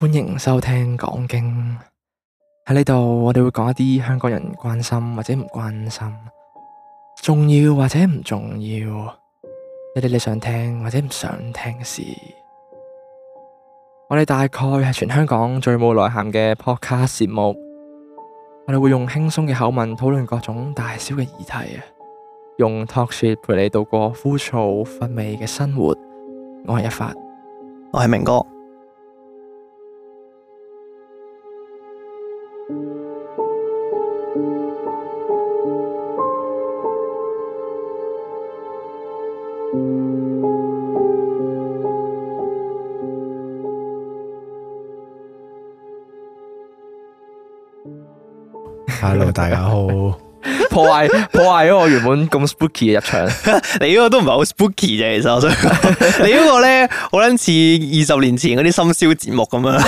歡迎收聽講經。喺呢度，我哋會講一啲香港人關心或者唔關心，重要或者唔重要，一啲你理理想聽或者唔想聽嘅事。我哋大概係全香港最冇內涵嘅 podcast 節目。我哋會用輕鬆嘅口吻討論各種大小嘅議題啊，用 talk shit 陪你度過枯燥乏味嘅生活。我係一發，我係明哥。大家好，破壞破壞咗我原本咁 spooky 嘅入場， 你，個 你個呢個都唔係好 spooky 啫，其實，我想講，你呢個咧，好撚似二十年前嗰啲深宵節目咁樣，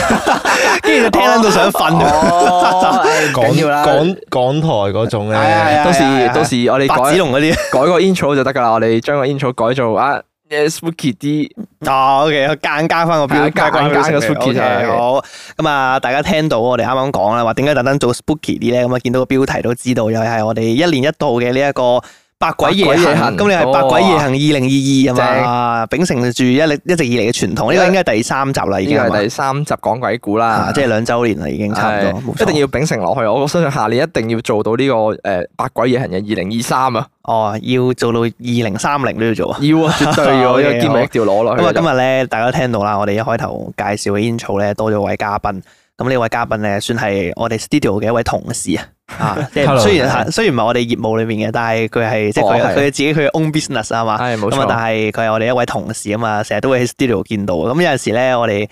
跟 住就聽到想瞓，就、哦哎、 港要港港台嗰種嘅，哎哎、到時、哎哎、到時我哋改子龍嗰啲，改個 intro 就得噶啦，我哋將個 intro 改做啊。誒 Yeah，spooky 啲 哦，OK，加加翻個標題，硬加返個 spooky 咧、okay，Okay, okay. 好咁啊！大家聽到我哋啱啱講啦，話點解特登做 spooky 啲咧？咁啊，見到個標題都知道，又係我哋一年一度嘅呢一個。百鬼夜行，咁你係百鬼夜行二零二二啊嘛，秉承住一歷一直以嚟嘅傳統，呢個應該係第三集啦，已經係第三集講鬼故啦，即係兩周年啦，已經差唔多，一定要秉承落去。我相信下年一定要做到呢個誒百鬼夜行嘅二零二三啊。哦，要做到二零三零都要做啊，要啊，絕對要呢個一定要攞落去。咁啊，今日咧大家聽到啦，我哋一開頭介紹嘅 intro 咧多咗位嘉賓。咁呢位嘉賓咧，算係我哋 studio 嘅一位同事啊，啊，即係雖然吓，雖然唔係我哋業務裏面嘅，但係佢係即係佢佢自己佢 own business 啊嘛，係冇錯，但係佢係我哋一位同事啊嘛，成日都會喺 studio 見到，咁有陣時咧，我哋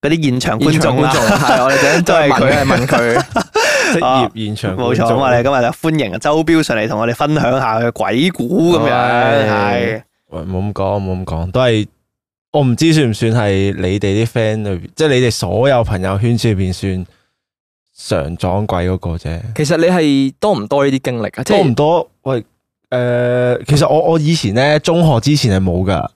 嗰啲現場觀眾啦，我哋都係佢係問佢職業現場，冇錯，我哋今日就歡迎周標上嚟同我哋分享下佢嘅鬼故。咁樣，係，冇咁講，冇咁講，都係。我唔知算唔算係你哋啲 friend 裏，即係你哋所有朋友圈子裏邊算常撞鬼嗰個啫。其實你係多唔多呢啲經歷啊？多唔多？喂，誒、呃，其實我我以前咧中學之前係冇噶，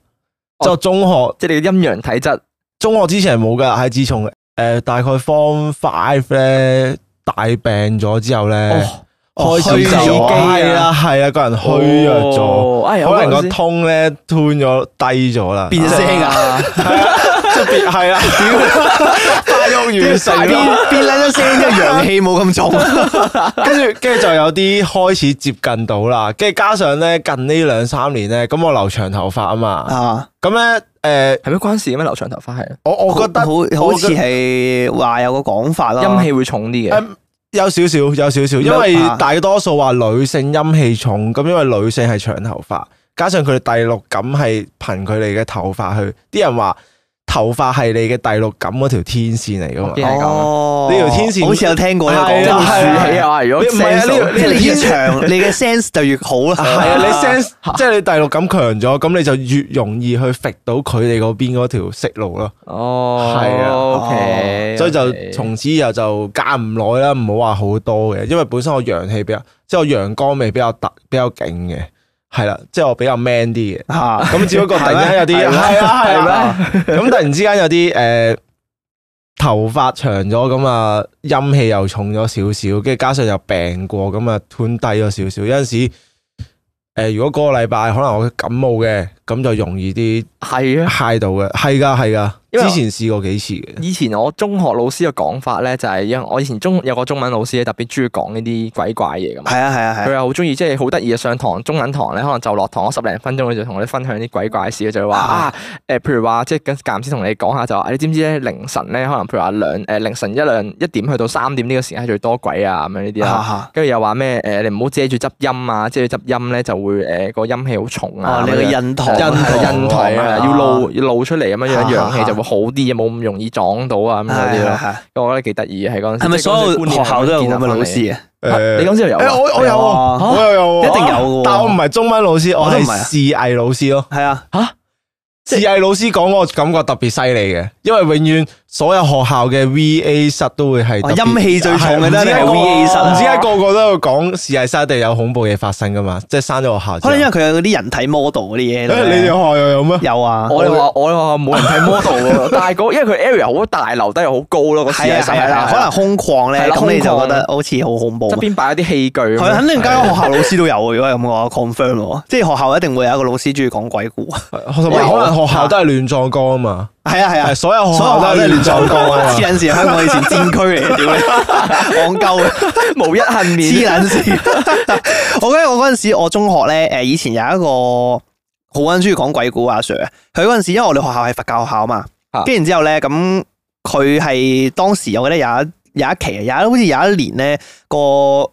就中學即係你嘅陰陽體質，中學之前係冇噶，係、哦、自從誒、呃、大概 form five 咧大病咗之後咧。哦開始就係啦，係啦，個人虛弱咗，可能個通咧通咗低咗啦，變聲啊，特別係啦，發育完成，變變靚咗聲，即係陽氣冇咁重，跟住跟住就有啲開始接近到啦，跟住加上咧近呢兩三年咧，咁我留長頭髮啊嘛，咁咧誒，係咩關事嘅咩？留長頭髮係，我我覺得好好似係話有個講法啦，陰氣會重啲嘅。有少少，有少少，因為大多數話女性陰氣重，咁因為女性係長頭髮，加上佢哋第六感係憑佢哋嘅頭髮去，啲人話。頭髮係你嘅第六感嗰條天線嚟噶嘛？哦，呢條天線好似有聽過，有講到豎起啊，如果越長，你嘅 sense 就越好啦。係啊，你 sense 即係你第六感強咗，咁你就越容易去搣到佢哋嗰邊嗰條色路咯。哦，係啊，OK，所以就從此以後就隔唔耐啦，唔好話好多嘅，因為本身我陽氣比較，即係我陽光味比較特，比較勁嘅。係啦，即係我比較 man 啲嘅，咁、啊、只不過突然間有啲係啊係啊，咁突然之間有啲誒、呃、頭髮長咗，咁啊陰氣又重咗少少，跟住加上又病過，咁啊斷低咗少少，有陣時誒、呃、如果嗰個禮拜可能我感冒嘅。咁就容易啲，係啊的，揩到嘅，係噶，係噶，之前試過幾次嘅。以前我中學老師嘅講法咧、就係，就係因為我以前中學有個中文老師咧，特別中意講呢啲鬼怪嘢咁。係啊，係啊，係。佢又好中意，即係好得意嘅上堂中文堂咧，可能就落堂嗰十零分鐘，佢就同我哋分享啲鬼怪事嘅，就話的啊，誒、呃，譬如話即係間唔時同你講下就話，你知唔知咧？凌晨咧，可能譬如話兩誒、呃、凌晨一兩一點去到三點呢個時間係最多鬼啊咁樣呢啲。跟住的的又話咩誒？你唔好遮住執音啊，遮住執音咧就會誒、呃那個陰氣好重啊。啊你個印堂。嗯的印印堂啊，要露露出嚟咁樣樣，陽氣就會好啲，冇咁容易撞到啊咁嗰啲咯。我覺得幾得意啊。係嗰陣時，係咪所有學校都有咁嘅老師啊？你嗰陣時有？我我有，啊，我有有，一定有嘅。但我唔係中文老師，我唔係視藝老師咯。係啊？嚇？視藝老師講嗰個感覺特別犀利嘅，因為永遠所有學校嘅 V A 室都會係陰氣最重嘅咧。唔止係 V A 室，唔知解個個都喺度講視藝室一定有恐怖嘢發生噶嘛？即係生咗學校，可能因為佢有啲人體 model 嗰啲嘢。你哋學校又有咩？有啊，我哋話我哋學校冇人體 model，但係因為佢 area 好大，樓底又好高咯，個視藝室可能空曠咧，咁你就覺得好似好恐怖。邊擺一啲器具？肯定間學校老師都有，如果咁嘅 confirm，即係學校一定會有一個老師中意講鬼故，同埋。學校都係亂葬崗啊嘛，係啊係啊，啊啊所有學校都係亂葬崗啊！黐捻線，香港以前戰區嚟，點啊， 戇鳩啊，無一幸免，黐捻線。我記得我嗰陣時，我中學咧，誒，以前有一個好撚鍾意講鬼故阿 Sir 啊，佢嗰陣時，因為我哋學校係佛教學校嘛，跟住然之後咧，咁佢係當時我記得有一有一期，有好似有一年咧，個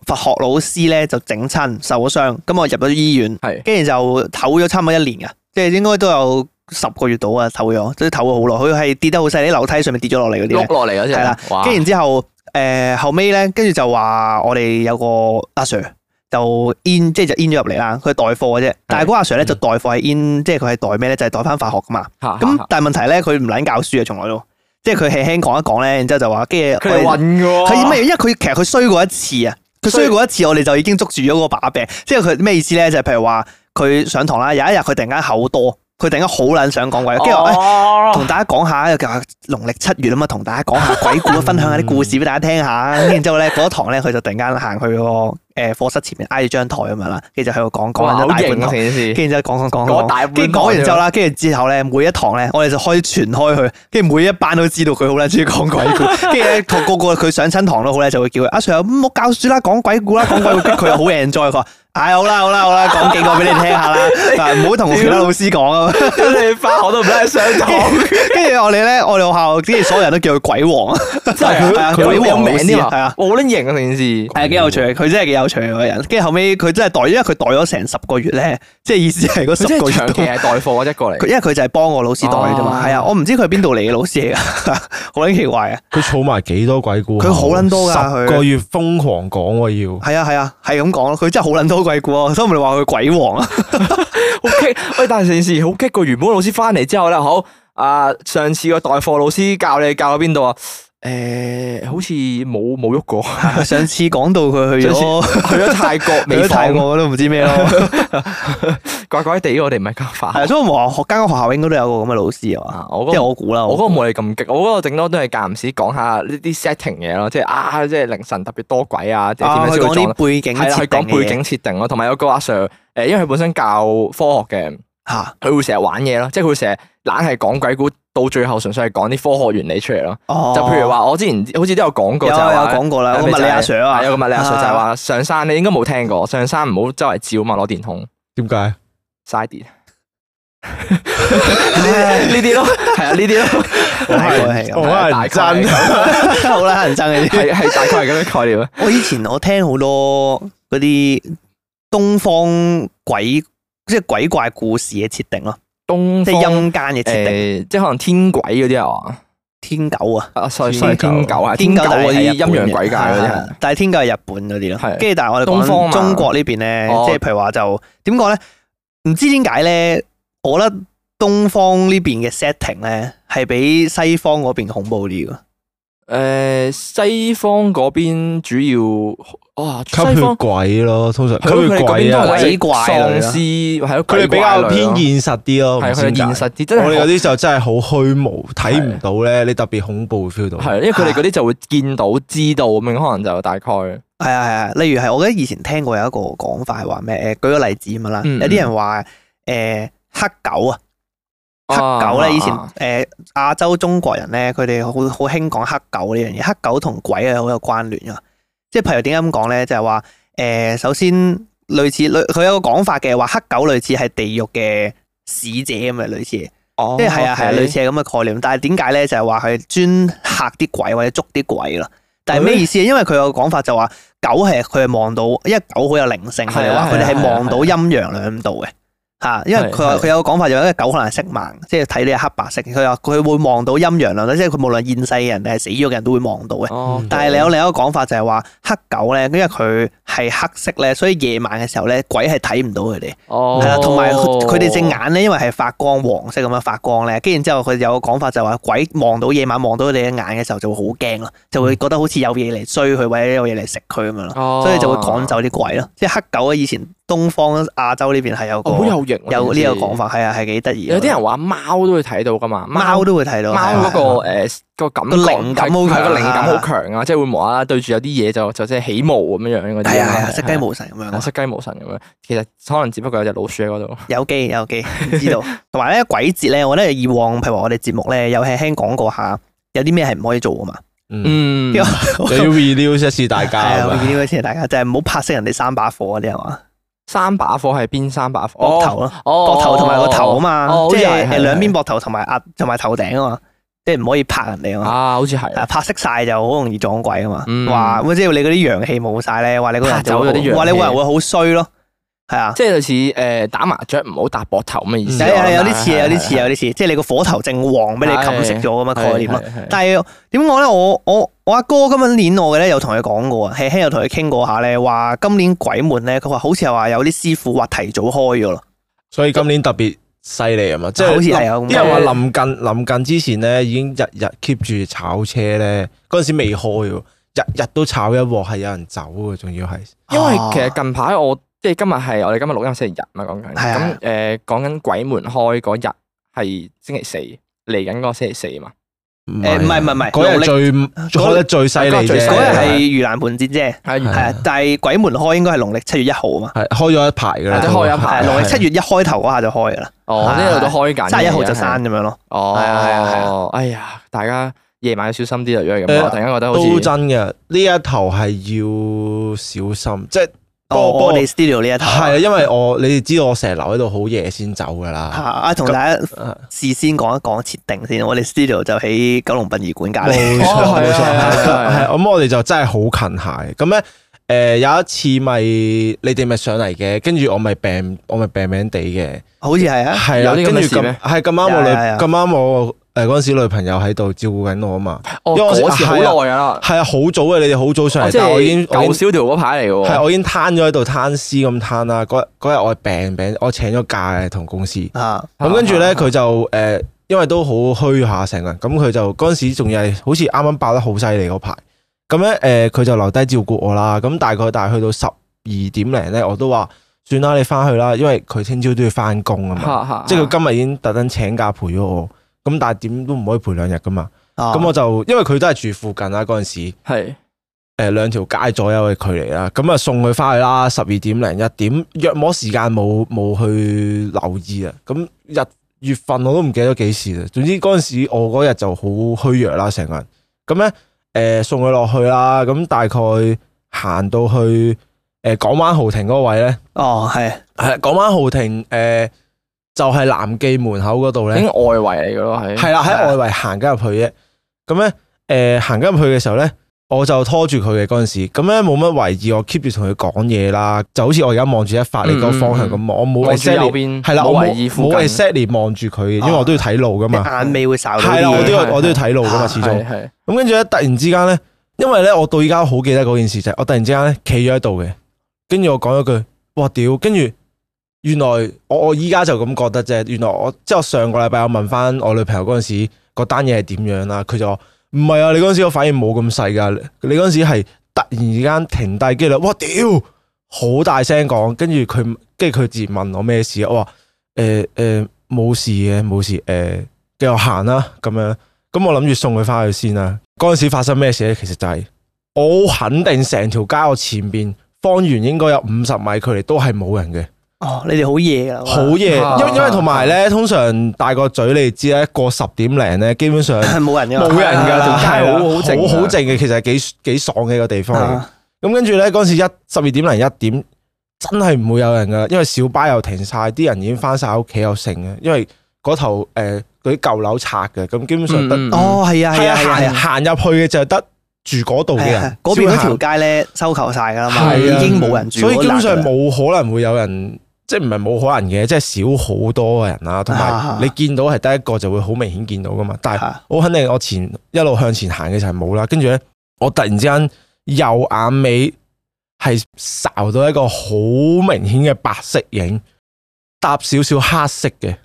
佛學老師咧就整親受咗傷，咁我入咗醫院，係的，跟住就唞咗差唔多一年啊。即係應該都有。十個月到啊，唞咗，即係唞咗好耐。佢係跌得好細，啲樓梯上面跌咗落嚟嗰啲，碌落嚟嗰隻。係啦，跟然後之後，誒、呃，後尾咧，跟住就話我哋有個阿 Sir 就 in，即係就 in 咗入嚟啦。佢係代課嘅啫，但係嗰阿 Sir 咧就代課係 in，、嗯、即係佢係代咩咧？就係、是、代翻化,化學噶嘛。咁但係問題咧，佢唔撚教書啊，從來都，即係佢輕輕講一講咧，然之後就話，跟住佢暈噶。係咩？因為佢其實佢衰過一次啊，佢衰過一次，我哋就已經捉住咗個把柄。即係佢咩意思咧？就係、是、譬如話佢上堂啦，有一日佢突然間口多。佢突然間好撚想講鬼故，跟住我同大家講下，就係農曆七月啊嘛，同大家講下鬼故，分享下啲故事俾大家聽下。跟住 之後咧，嗰一堂咧，佢就突然間行去個誒課室前面，挨住張台咁樣啦，跟住就喺度講講緊一哇大本圖。跟住事之後講講講，跟住講完之後啦，跟住之後咧，每一堂咧，我哋就可以傳開始傳開佢，跟住每一班都知道佢好撚中意講鬼故 呢。跟住同個個佢上親堂都好撚，就會叫佢阿、啊、Sir，唔好教書啦，講鬼故啦，講鬼故，佢又好 enjoy，佢話。係好啦，好啦，好啦，講幾個俾你聽下啦。唔好同其他老師講啊，你翻學都唔使上堂。跟住我哋咧，我哋學校之前所有人都叫佢鬼王，真係佢佢好有名啊。係啊，好卵型啊，成件事係幾有趣。佢真係幾有趣嘅人。跟住後尾，佢真係代，因為佢代咗成十個月咧，即係意思係嗰十個月長期代貨一個嚟。因為佢就係幫我老師代啫嘛。係啊，我唔知佢係邊度嚟嘅老師嚟啊，好奇怪啊。佢儲埋幾多鬼故？佢好卵多噶，佢個月瘋狂講我要。係啊係啊，係咁講佢真係好卵多。鬼過，我咪話佢鬼王啊，好激！喂，但係成件事好激㗎，原本老師翻嚟之後咧，好啊，上次個代課老師教你教到邊度啊？誒，好似冇冇喐過。上次講到佢去咗去咗泰國，去咗泰國，我都唔知咩咯，怪怪地。我哋唔係教法，所以話間間學校應該都有個咁嘅老師啊。即係我估啦，我覺得冇你咁激，我覺得頂多都係間唔時講下呢啲 setting 嘢咯。即係啊，即係凌晨特別多鬼啊，即係點樣叫做？係講背景設定嘅嘢。係講背景設定咯，同埋有個阿 Sir，誒，因為佢本身教科學嘅，吓，佢會成日玩嘢咯，即係佢成日懶係講鬼故。到最後純粹係講啲科學原理出嚟咯，就譬如話我之前好似都有講過，有有講過啦。咁物理阿 Sir 啊，有咁物理阿 Sir 就係話上山你應該冇聽過上山唔好周圍照嘛，攞電筒。點解？晒電呢啲咯，係啊呢啲咯，係係大真。好啦，大真呢啲係係大概係咁嘅概念咧。我以前我聽好多嗰啲東方鬼即係鬼怪故事嘅設定咯。即係陰間嘅設定，欸、即可能天鬼嗰啲係嘛？天狗啊，所以、啊、天狗係天狗嗰啲陰陽鬼界嗰啲，但係天狗係日本嗰啲咯。係的，跟住但係我哋東方、中國邊、哦、呢邊咧，即係譬如話就點講咧？唔知點解咧？我覺得東方呢邊嘅 setting 咧，係比西方嗰邊恐怖啲嘅。誒、呃，西方嗰邊主要。哇！吸血鬼咯，通常吸血鬼啊，鬼怪啦，喪屍係咯，佢哋比較偏現實啲咯，係現實啲，我哋有啲就真係好虛無，睇唔到咧，你特別恐怖 feel 到係，因為佢哋嗰啲就會見到知道咁樣，可能就大概係啊係啊，例如係我記得以前聽過有一個講法係話咩？誒，舉個例子咁啦，有啲人話誒，黑狗啊，黑狗咧以前誒，亞洲中國人咧，佢哋好好興講黑狗呢樣嘢，黑狗同鬼啊好有關聯啊。即係譬如點解咁講咧？就係話誒，首先類似類，佢有個講法嘅話，黑狗類似係地獄嘅使者咁嘅類似，即係係啊係啊，類似係咁嘅概念。但係點解咧？就係話佢專嚇啲鬼或者捉啲鬼咯。但係咩意思啊？嗎因為佢有個講法就話狗係佢係望到，因為狗好有靈性，佢哋話佢哋係望到陰陽兩度嘅。嚇，因為佢佢是是 有個講法、就是，就係因為狗可能色盲，即係睇你係黑白色。佢話佢會望到陰陽兩類，即係佢無論現世嘅人定係死咗嘅人都會望到嘅。哦、但係你有另一個講法、就是，就係話黑狗咧，因為佢係黑色咧，所以夜晚嘅時候咧，鬼係睇唔到佢哋。哦，係啦，同埋佢哋隻眼咧，因為係發光黃色咁樣發光咧，跟住之後佢有個講法就係、是、鬼望到夜晚望到佢哋隻眼嘅時候就會好驚咯，就會覺得好似有嘢嚟追佢或者有嘢嚟食佢咁樣咯。哦、所以就會趕走啲鬼咯。即係黑狗咧，以前。東方亞洲呢邊係有，好有型，有呢個講法，係啊，係幾得意。有啲人話貓都會睇到噶嘛，貓都會睇到。貓嗰個誒感個靈感，佢個靈感好強啊，即係會無啦啦對住有啲嘢就就即係起毛咁樣樣嗰啲。係啊，色雞無神咁樣。色雞無神咁樣，其實可能只不過有隻老鼠喺嗰度。有機有機，知道。同埋咧鬼節咧，我覺得以往譬如話我哋節目咧又輕輕講過下，有啲咩係唔可以做噶嘛。嗯。要 reveal 大家。係 reveal 大家，就係唔好拍死人哋三把火嗰啲係嘛？三把火係邊三把火？膊、哦、頭咯，膊、哦、頭同埋個頭啊嘛，哦、即係兩邊膊頭同埋壓同埋頭頂啊嘛，即係唔可以拍人哋啊嘛。啊，好似係，拍熄晒就好容易撞鬼啊嘛。話、嗯、即係你嗰啲陽氣冇晒咧，話、啊、你個人走咗啲，話你個人會好衰咯。係啊，即係類似誒打麻雀唔好搭膊頭咁嘅意思。有啲似，有啲似，有啲似。即係你個火頭正旺，俾你冚熄咗咁嘅概念咯。但係點講咧？我我我阿哥今年捻我嘅咧，有同佢講過，輕輕有同佢傾過下咧，話今年鬼門咧，佢話好似又話有啲師傅話提早開咗咯。所以今年特別犀利啊嘛，即係好似係有啲人話臨近臨近之前咧，已經日日 keep 住炒車咧，嗰陣時未開，日日都炒一鑊，係有人走嘅，仲要係。因為其實近排我。即係今日係，我哋今日錄音係星期日嘛？講緊咁。誒，講緊鬼門開嗰日係星期四，嚟緊嗰個星期四嘛？誒，唔係唔係唔係，嗰日最開得最犀利啫。嗰日係盂蘭盆節啫，係啊。但係鬼門開應該係農曆七月一號啊嘛。係開咗一排嘅啦，開一排。農曆七月一開頭嗰下就開噶啦。哦，即係都開緊，即係一號就閂咁樣咯。哦，係啊係啊，哎呀，大家夜晚要小心啲啊，因為咁啊，突然間覺得都真嘅。呢一頭係要小心，即係。幫我哋 studio 呢一套係啊，因為我你哋知道我成日留喺度好夜先走噶啦。吓、嗯，同大家事先講一講設定先，我哋 studio 就喺九龍殯儀館隔籬。冇錯 sidewalk 錯，冇錯、嗯，係咁我哋就真係好近下。咁咧對，誒， 有一次咪你哋咪上嚟嘅，跟住我咪病，我咪病病地嘅。好似係啊，係啊，跟住咁係咁啱我，咁啱我。誒，嗰時女朋友喺度照顧緊我嘛？因為我哦，嗰時好耐呀，係啊，好、啊啊、早嘅，你哋好早上嚟，即係九少條嗰排嚟嘅。係，我已經攤咗喺度，攤屍咁攤啦。嗰日日我係病病，我請咗假同公司。咁、啊啊、跟住咧，佢就誒、呃，因為都虛、嗯、好虛下成日，咁佢就嗰時仲要係好似啱啱爆得好犀利嗰排。咁咧誒，佢、呃、就留低照顧我啦。咁、嗯、大概但係去到十二點零咧，我都話算啦，你翻去啦，因為佢聽朝都要翻工啊嘛。即係佢今日已經特登請假陪咗我。咁但係點都唔可以陪兩日噶嘛。咁、啊、我就因為佢都係住附近啦嗰陣時，係誒是、呃、兩條街左右嘅距離啦，咁、嗯、啊送佢返去啦，十二點零一點，約莫時間冇冇去留意啊。咁、嗯、日月份我都唔記得幾時啦，總之嗰陣時我嗰日就好虛弱啦成個人。咁咧誒送佢落去啦，咁、嗯、大概行到去誒、呃、港灣豪庭嗰位咧，哦係係港灣豪庭誒。呃呃就係南記門口嗰度咧，喺外圍嚟嘅咯，係係啦，喺外圍行咁入去嘅。咁咧，誒，行咁入去嘅時候咧，我就拖住佢嘅嗰陣時，咁咧冇乜為意，我 keep 住同佢講嘢啦，就好似我而家望住一發你個方向咁，我冇，係啦，冇懷疑，冇懷疑，望住佢，嘅，因為我都要睇路噶嘛，眼尾會睄。係啦，我都要，我都要睇路噶嘛，始終係。咁跟住咧，突然之間咧，因為咧，我到依家好記得嗰件事就係，我突然之間咧企咗喺度嘅，跟住我講咗句，哇屌，跟住。原來我我依家就咁覺得啫。原來我即係上個禮拜我問翻我女朋友嗰陣時，個單嘢係點樣啦？佢就話唔係啊，你嗰陣時我反應冇咁細噶。你嗰陣時係突然間停低機啦，我屌好大聲講，跟住佢跟住佢自問我咩事，我話誒誒冇事嘅，冇事誒，繼續行啦咁樣。咁我諗住送佢翻去先啦。嗰陣時發生咩事咧？其實就係、是、我肯定成條街我前邊方圓應該有五十米距離都係冇人嘅。哦，你哋好夜啊！好夜，因因為同埋咧，通常大個嘴，你哋知咧，一過十點零咧，基本上係冇人噶，冇人噶，係好好好靜嘅，其實係幾幾爽嘅一個地方。咁跟住咧，嗰時一十二點零一點，真係唔會有人噶，因為小巴又停晒，啲人已經翻晒屋企又剩嘅，因為嗰頭誒嗰啲舊樓拆嘅，咁基本上得哦係啊係啊，行行入去嘅就係得住嗰度嘅人，嗰邊條街咧收購曬噶啦嘛，已經冇人住，所以基本上冇可能會有人。即係唔係冇可能嘅，即係少好多嘅人啦。同埋你見到係得一個就會好明顯見到噶嘛。但係我肯定我前一路向前行嘅時候冇啦。跟住咧，我突然之間右眼尾係睄到一個好明顯嘅白色影，搭少少黑色嘅，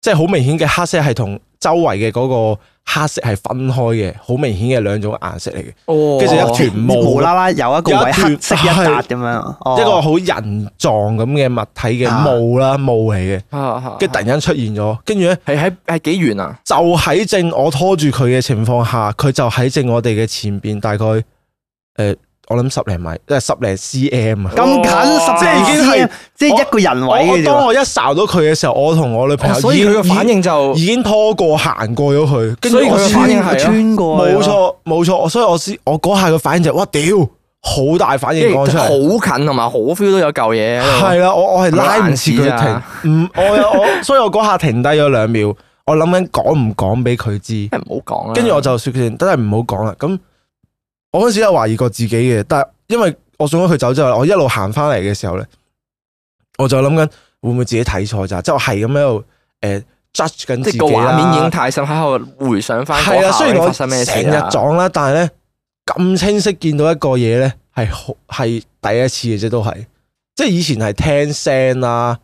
即係好明顯嘅黑色係同周圍嘅嗰個。黑色係分開嘅，好明顯嘅兩種顏色嚟嘅。哦，跟住一團霧啦，無啦有一個位黑色一笪咁樣，一,一個好人狀咁嘅物體嘅霧啦，霧嚟嘅。跟住、啊啊啊、突然間出現咗，跟住咧係喺係幾遠啊？啊遠啊就喺正我拖住佢嘅情況下，佢就喺正我哋嘅前邊，大概誒。呃我諗十零米，即係十零 cm。咁噢近，即係已經係，即係一個人位嘅。當我一掃到佢嘅時候，我同我女朋友，所以佢嘅反應就已經拖過、行過咗佢。跟住佢嘅反應係穿過。冇錯錯，冇錯。所以我先，我嗰下嘅反應就係，哇！屌，好大反應出，好近，同埋好 feel 都有嚿嘢。係啦，我我係拉唔切佢停。唔，我我，所以我嗰下停低咗兩秒。 我諗緊講唔講俾佢知，唔好講。跟住我就說，先都係唔好講啦。咁。我嗰時有懷疑過自己嘅，但係因為我送咗佢走之後，我一路行翻嚟嘅時候咧，我就諗緊會唔會自己睇錯咋？即係我係咁喺度誒 judge 緊，呃、即係個畫面影太深，喺度回想翻嗰下。係啊，雖然我事啊？成日撞啦，但係咧咁清晰見到一個嘢咧，係好係第一次嘅啫，都係即係以前係聽聲啊，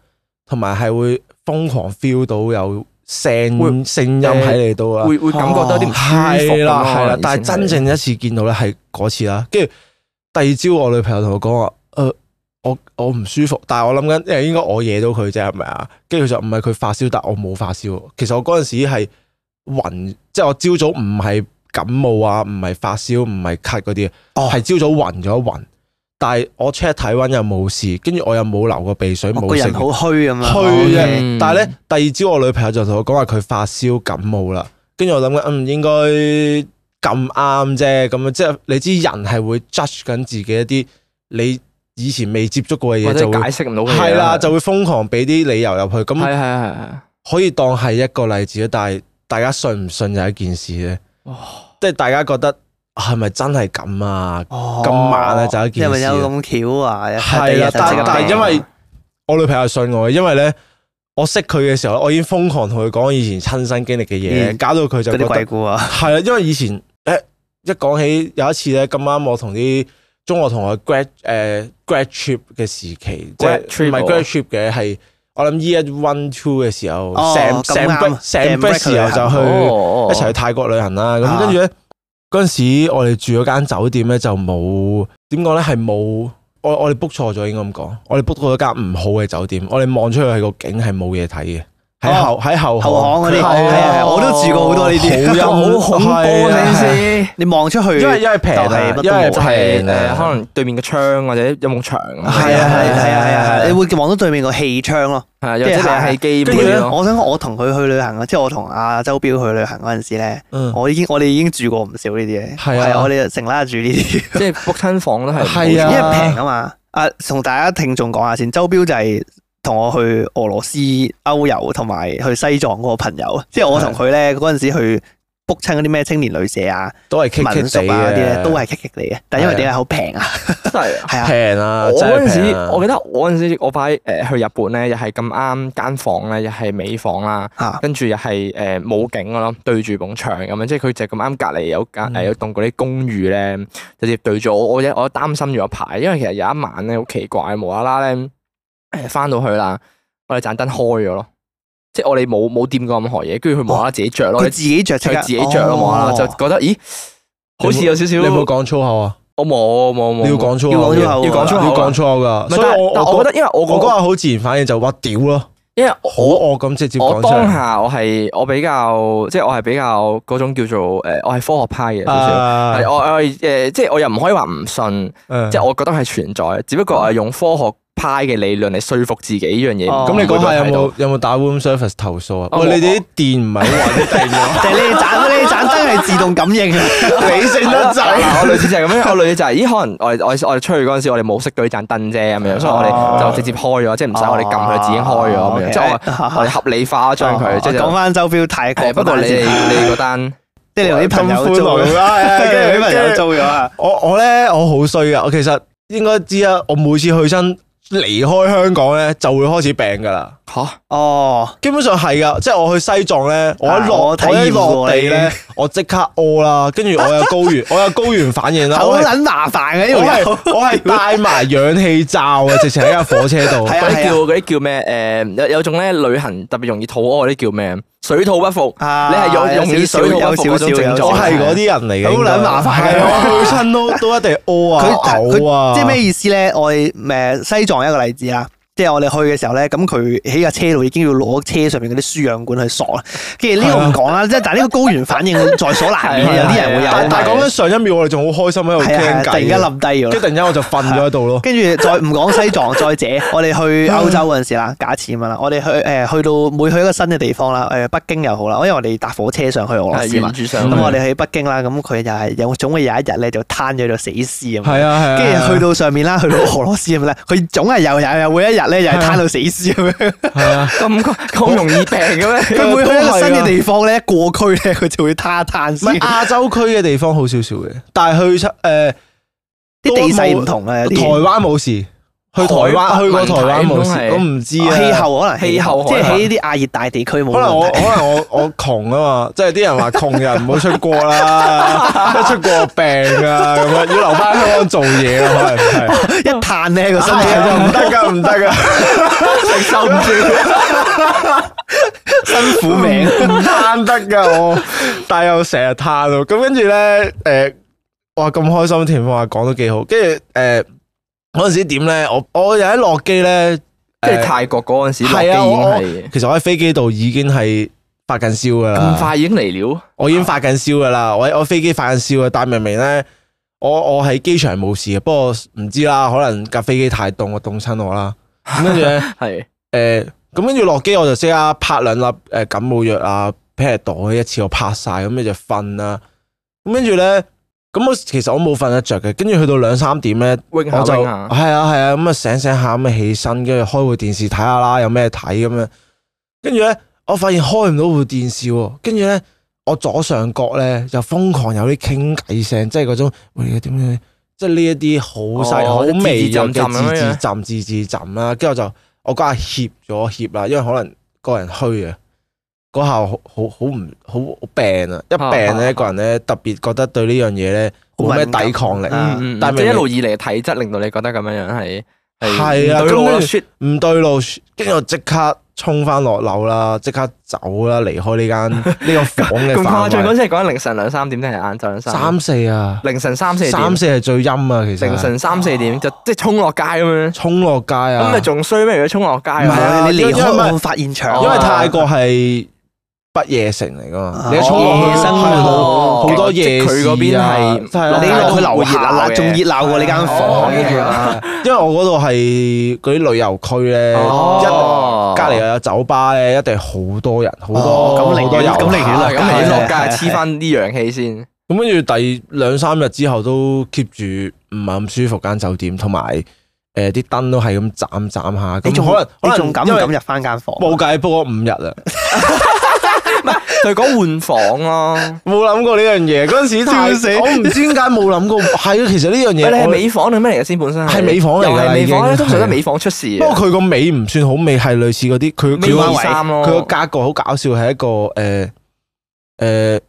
同埋係會瘋狂 feel 到有。成成音喺你度啊，會、哦、會感覺到啲唔舒服係啦，係啦、哦。的但係真正一次見到咧，係嗰次啦。跟住第二朝，我女朋友同我講話，誒、呃，我我唔舒服。但係我諗緊，誒，因為應該我惹到佢啫，係咪啊？跟住就唔係佢發燒，但係我冇發燒。其實我嗰陣時係暈，即係我朝早唔係感冒啊，唔係發燒，唔係咳嗰啲，係朝、哦、早暈咗暈。暈。但係我 check 體溫又冇事，跟住我又冇流過鼻水，冇成、哦。個行人好虛咁啊！虛啫的。嗯、但係咧，第二朝我女朋友就同我講話佢發燒感冒啦。跟住我諗緊，嗯，應該咁啱啫。咁啊，即係你知人係會 judge 緊自己一啲你以前未接觸過嘅嘢，就解釋唔到嘅。係啦，就會瘋狂俾啲理由入去。咁係係係係，可以當係一個例子啊。但係大家信唔信就係一件事咧，即係、哦、大家覺得。係咪真係咁啊？今晚咧就一件事，有冇咁巧啊？係啊，但但因為我女朋友信我，因為咧我識佢嘅時候，我已經瘋狂同佢講以前親身經歷嘅嘢，搞到佢就覺得鬼故啊。係啊，因為以前誒，一講起有一次咧咁啱，我同啲中學同學 grad 誒 grad trip 嘅時期，即係唔係 grad trip 嘅係我諗 year one two 嘅時候，成成 break 成 break 嘅時候就去一齊去泰國旅行啦。咁跟住咧。嗰陣時我哋住嗰間酒店沒有怎麼說呢，就冇點講呢？係冇我我哋 book 錯咗應該咁講，我哋 book 到一間唔好嘅酒店，我哋望出去係個景係冇嘢睇嘅。喺後喺後後巷嗰啲，我都住過好多呢啲，好恐怖，嘅意思，你望出去，因為因為平係，因為平係，可能對面個窗或者有冇牆，係啊係啊係啊係啊，你會望到對面個氣窗咯，係有啲大，我想我同佢去旅行啊，即係我同阿周標去旅行嗰陣時咧，我已經我哋已經住過唔少呢啲嘢，係啊，我哋成日住呢啲，即係福春房都係，係啊，因為平啊嘛。阿同大家聽眾講下先，周標就係。同我去俄羅斯歐遊，同埋去西藏嗰個朋友，即係我同佢咧嗰陣時去 book 親嗰啲咩青年旅社啊，都係 K K 宿啊啲咧，都係棘棘嚟嘅。但係因為點解好平啊？真係係啊，平啊！我嗰陣時，我記得我嗰陣時，我快誒去日本咧，又係咁啱間房咧，又係美房啦，跟住又係誒冇景咯，對住埲牆咁樣，即係佢就咁啱隔籬有間誒有棟嗰啲公寓咧，直接對住我，我我擔心咗有排，因為其實有一晚咧好奇怪，無啦啦咧。誒，翻到去啦，我哋盞燈開咗咯，即係我哋冇冇掂過任何嘢，跟住佢望下自己着咯，佢自己着，佢自己着咯，冇啦，就覺得咦，好似有少少，你有冇講粗口啊？我冇冇冇，你要講粗口，要講粗，要講粗口噶。但係我覺得，因為我我嗰下好自然反應就話屌咯，因為好惡咁直接講出嚟。當下我係我比較，即係我係比較嗰種叫做誒，我係科學派嘅，少少。我誒，即係我又唔可以話唔信，即係我覺得係存在，只不過係用科學。派嘅理論嚟說服自己呢樣嘢，咁你嗰排有冇有冇打 room service 投訴啊？喂，你哋啲電唔係好穩定啊？定係你盞你盞真係自動感應？你算得仔。我類似就係咁樣，我類似就係咦？可能我我我哋出去嗰陣時，我哋冇熄到呢盞燈啫，咁樣，所以我哋就直接開咗，即係唔使我哋撳佢，自己開咗咁樣，即我合理化將佢。即講翻周標太過，不過你你嗰單即係你同啲朋友租咗啊？跟啲朋友租咗啊！我我咧我好衰噶，我其實應該知啊，我每次去親。離開香港咧，就會開始病噶啦。吓哦，基本上係噶，即係我去西藏咧，我落我一落地咧，我即刻屙啦，跟住我有高原，我有高原反應啦。好捻麻煩嘅，因為我係我係帶埋氧氣罩呀，直情喺架火車度。係啊係啊，叫嗰啲叫咩？誒，有有種咧，旅行特別容易肚屙啲叫咩？水土不服，啊、你係有少少水土不服嗰種症狀，我係嗰啲人嚟嘅，好撚麻煩嘅，去親的 都都一定屙啊嘔啊他！即係咩意思咧？我哋誒，西藏一個例子啊。即係我哋去嘅時候咧，咁佢喺架車度已經要攞車上面嗰啲輸氧管去索啦。跟住呢個唔講啦，即但係呢個高原反應在所難免，有啲人會有。但係講緊上一秒，我哋仲好開心喺度傾偈。突然間冧低咗，跟住突然間我就瞓咗喺度咯。跟住再唔講西藏，再者我哋去歐洲嗰陣時啦，假設咁樣啦，我哋去誒去到每去一個新嘅地方啦，誒北京又好啦，因為我哋搭火車上去俄羅斯嘛。咁我哋喺北京啦，咁佢就係有總會有一日咧就癱咗做死屍咁。係啊係啊。跟住去到上面啦，去到俄羅斯咁咧，佢總係有有有會一日。咧又係攤到死屍咁樣，咁咁 容易病嘅咩？佢每 去一個新嘅地方咧， 過區咧佢就會攤攤，唔係亞洲區嘅地方好少少嘅，但係去出誒啲地勢唔同啊，台灣冇事。去台灣，去過台灣冇事，我唔知啊。氣候，可能氣候，即係喺呢啲亞熱帶地區冇問題。可能我可能我我窮啊嘛，即係啲人話窮人唔好出國啦，一出國病啊，咁啊要留翻香港做嘢啦。可能係一嘆呢個身體，就唔得噶唔得噶，食心酸，辛苦命，嘆得噶我，但係又成日嘆到咁，跟住咧誒，哇咁開心添，話講得幾好，跟住誒。嗰陣時點咧？我我又喺落機咧，即係泰國嗰陣時，係啊，我其實我喺飛機度已經係發緊燒噶啦，咁快已經嚟了，我已經發緊燒噶啦，我喺我飛機發緊燒呀，但明明咧，我我喺機場冇事嘅，不過唔知啦，可能架飛機太凍，我凍親我啦，跟住咧係誒，咁跟住落機我就即刻拍兩粒誒感冒藥啊，pair 袋一次我拍晒，咁你就瞓啦，咁跟住咧。咁我其實我冇瞓得着嘅，跟住去到兩三點咧，嗯嗯、我就係啊係啊，咁啊，啊醒醒下咁起身，跟住開部電視睇下啦，有咩睇咁樣。跟住咧，我發現開唔到部電視喎，跟住咧，我左上角咧就瘋狂有啲傾偈聲，即係嗰種，喂點樣，即係呢一啲好細好微弱嘅滋滋浸滋滋浸啦。跟住、哦、樣我就我梗係怯咗怯啦，因為可能個人虛啊。嗰下好好唔好病啊！一病咧，個人咧特別覺得對呢樣嘢咧冇咩抵抗力。啊。但係一路以嚟嘅體質，令到你覺得咁樣樣係係。係啊，跟雪唔對路，跟住即刻沖翻落樓啦，即刻走啦，離開呢間呢個房。咁誇張？嗰陣係講緊凌晨兩三點定係晏晝？三四啊，凌晨三四點。三四係最陰啊，其實。凌晨三四點就即係沖落街咁樣。沖落街啊！咁咪仲衰咩？如果沖落街。唔係啊！你離開案發現場，因為泰國係。不夜城嚟噶嘛？你去夜生活好多夜市啊！你落去樓下嗱，仲熱鬧過呢間房，因為我嗰度係嗰啲旅遊區咧，一隔籬又有酒吧咧，一定好多人，好多咁你咁你其實咁你落街黐翻啲陽氣先。咁跟住第兩三日之後都 keep 住唔係咁舒服間酒店，同埋誒啲燈都係咁斬斬下，你仲可能可能因為入翻間房冇計，不過五日啦。就講換房咯，冇諗過呢樣嘢。嗰陣時太我唔知點解冇諗過。係啊，其實呢樣嘢你係美房定咩嚟嘅先？本身係美房嚟嘅。係美房咧，通常都美房出事。不過佢個美唔算好美，係類似嗰啲佢。美化圍衫咯。佢個格局好搞笑，係一個誒誒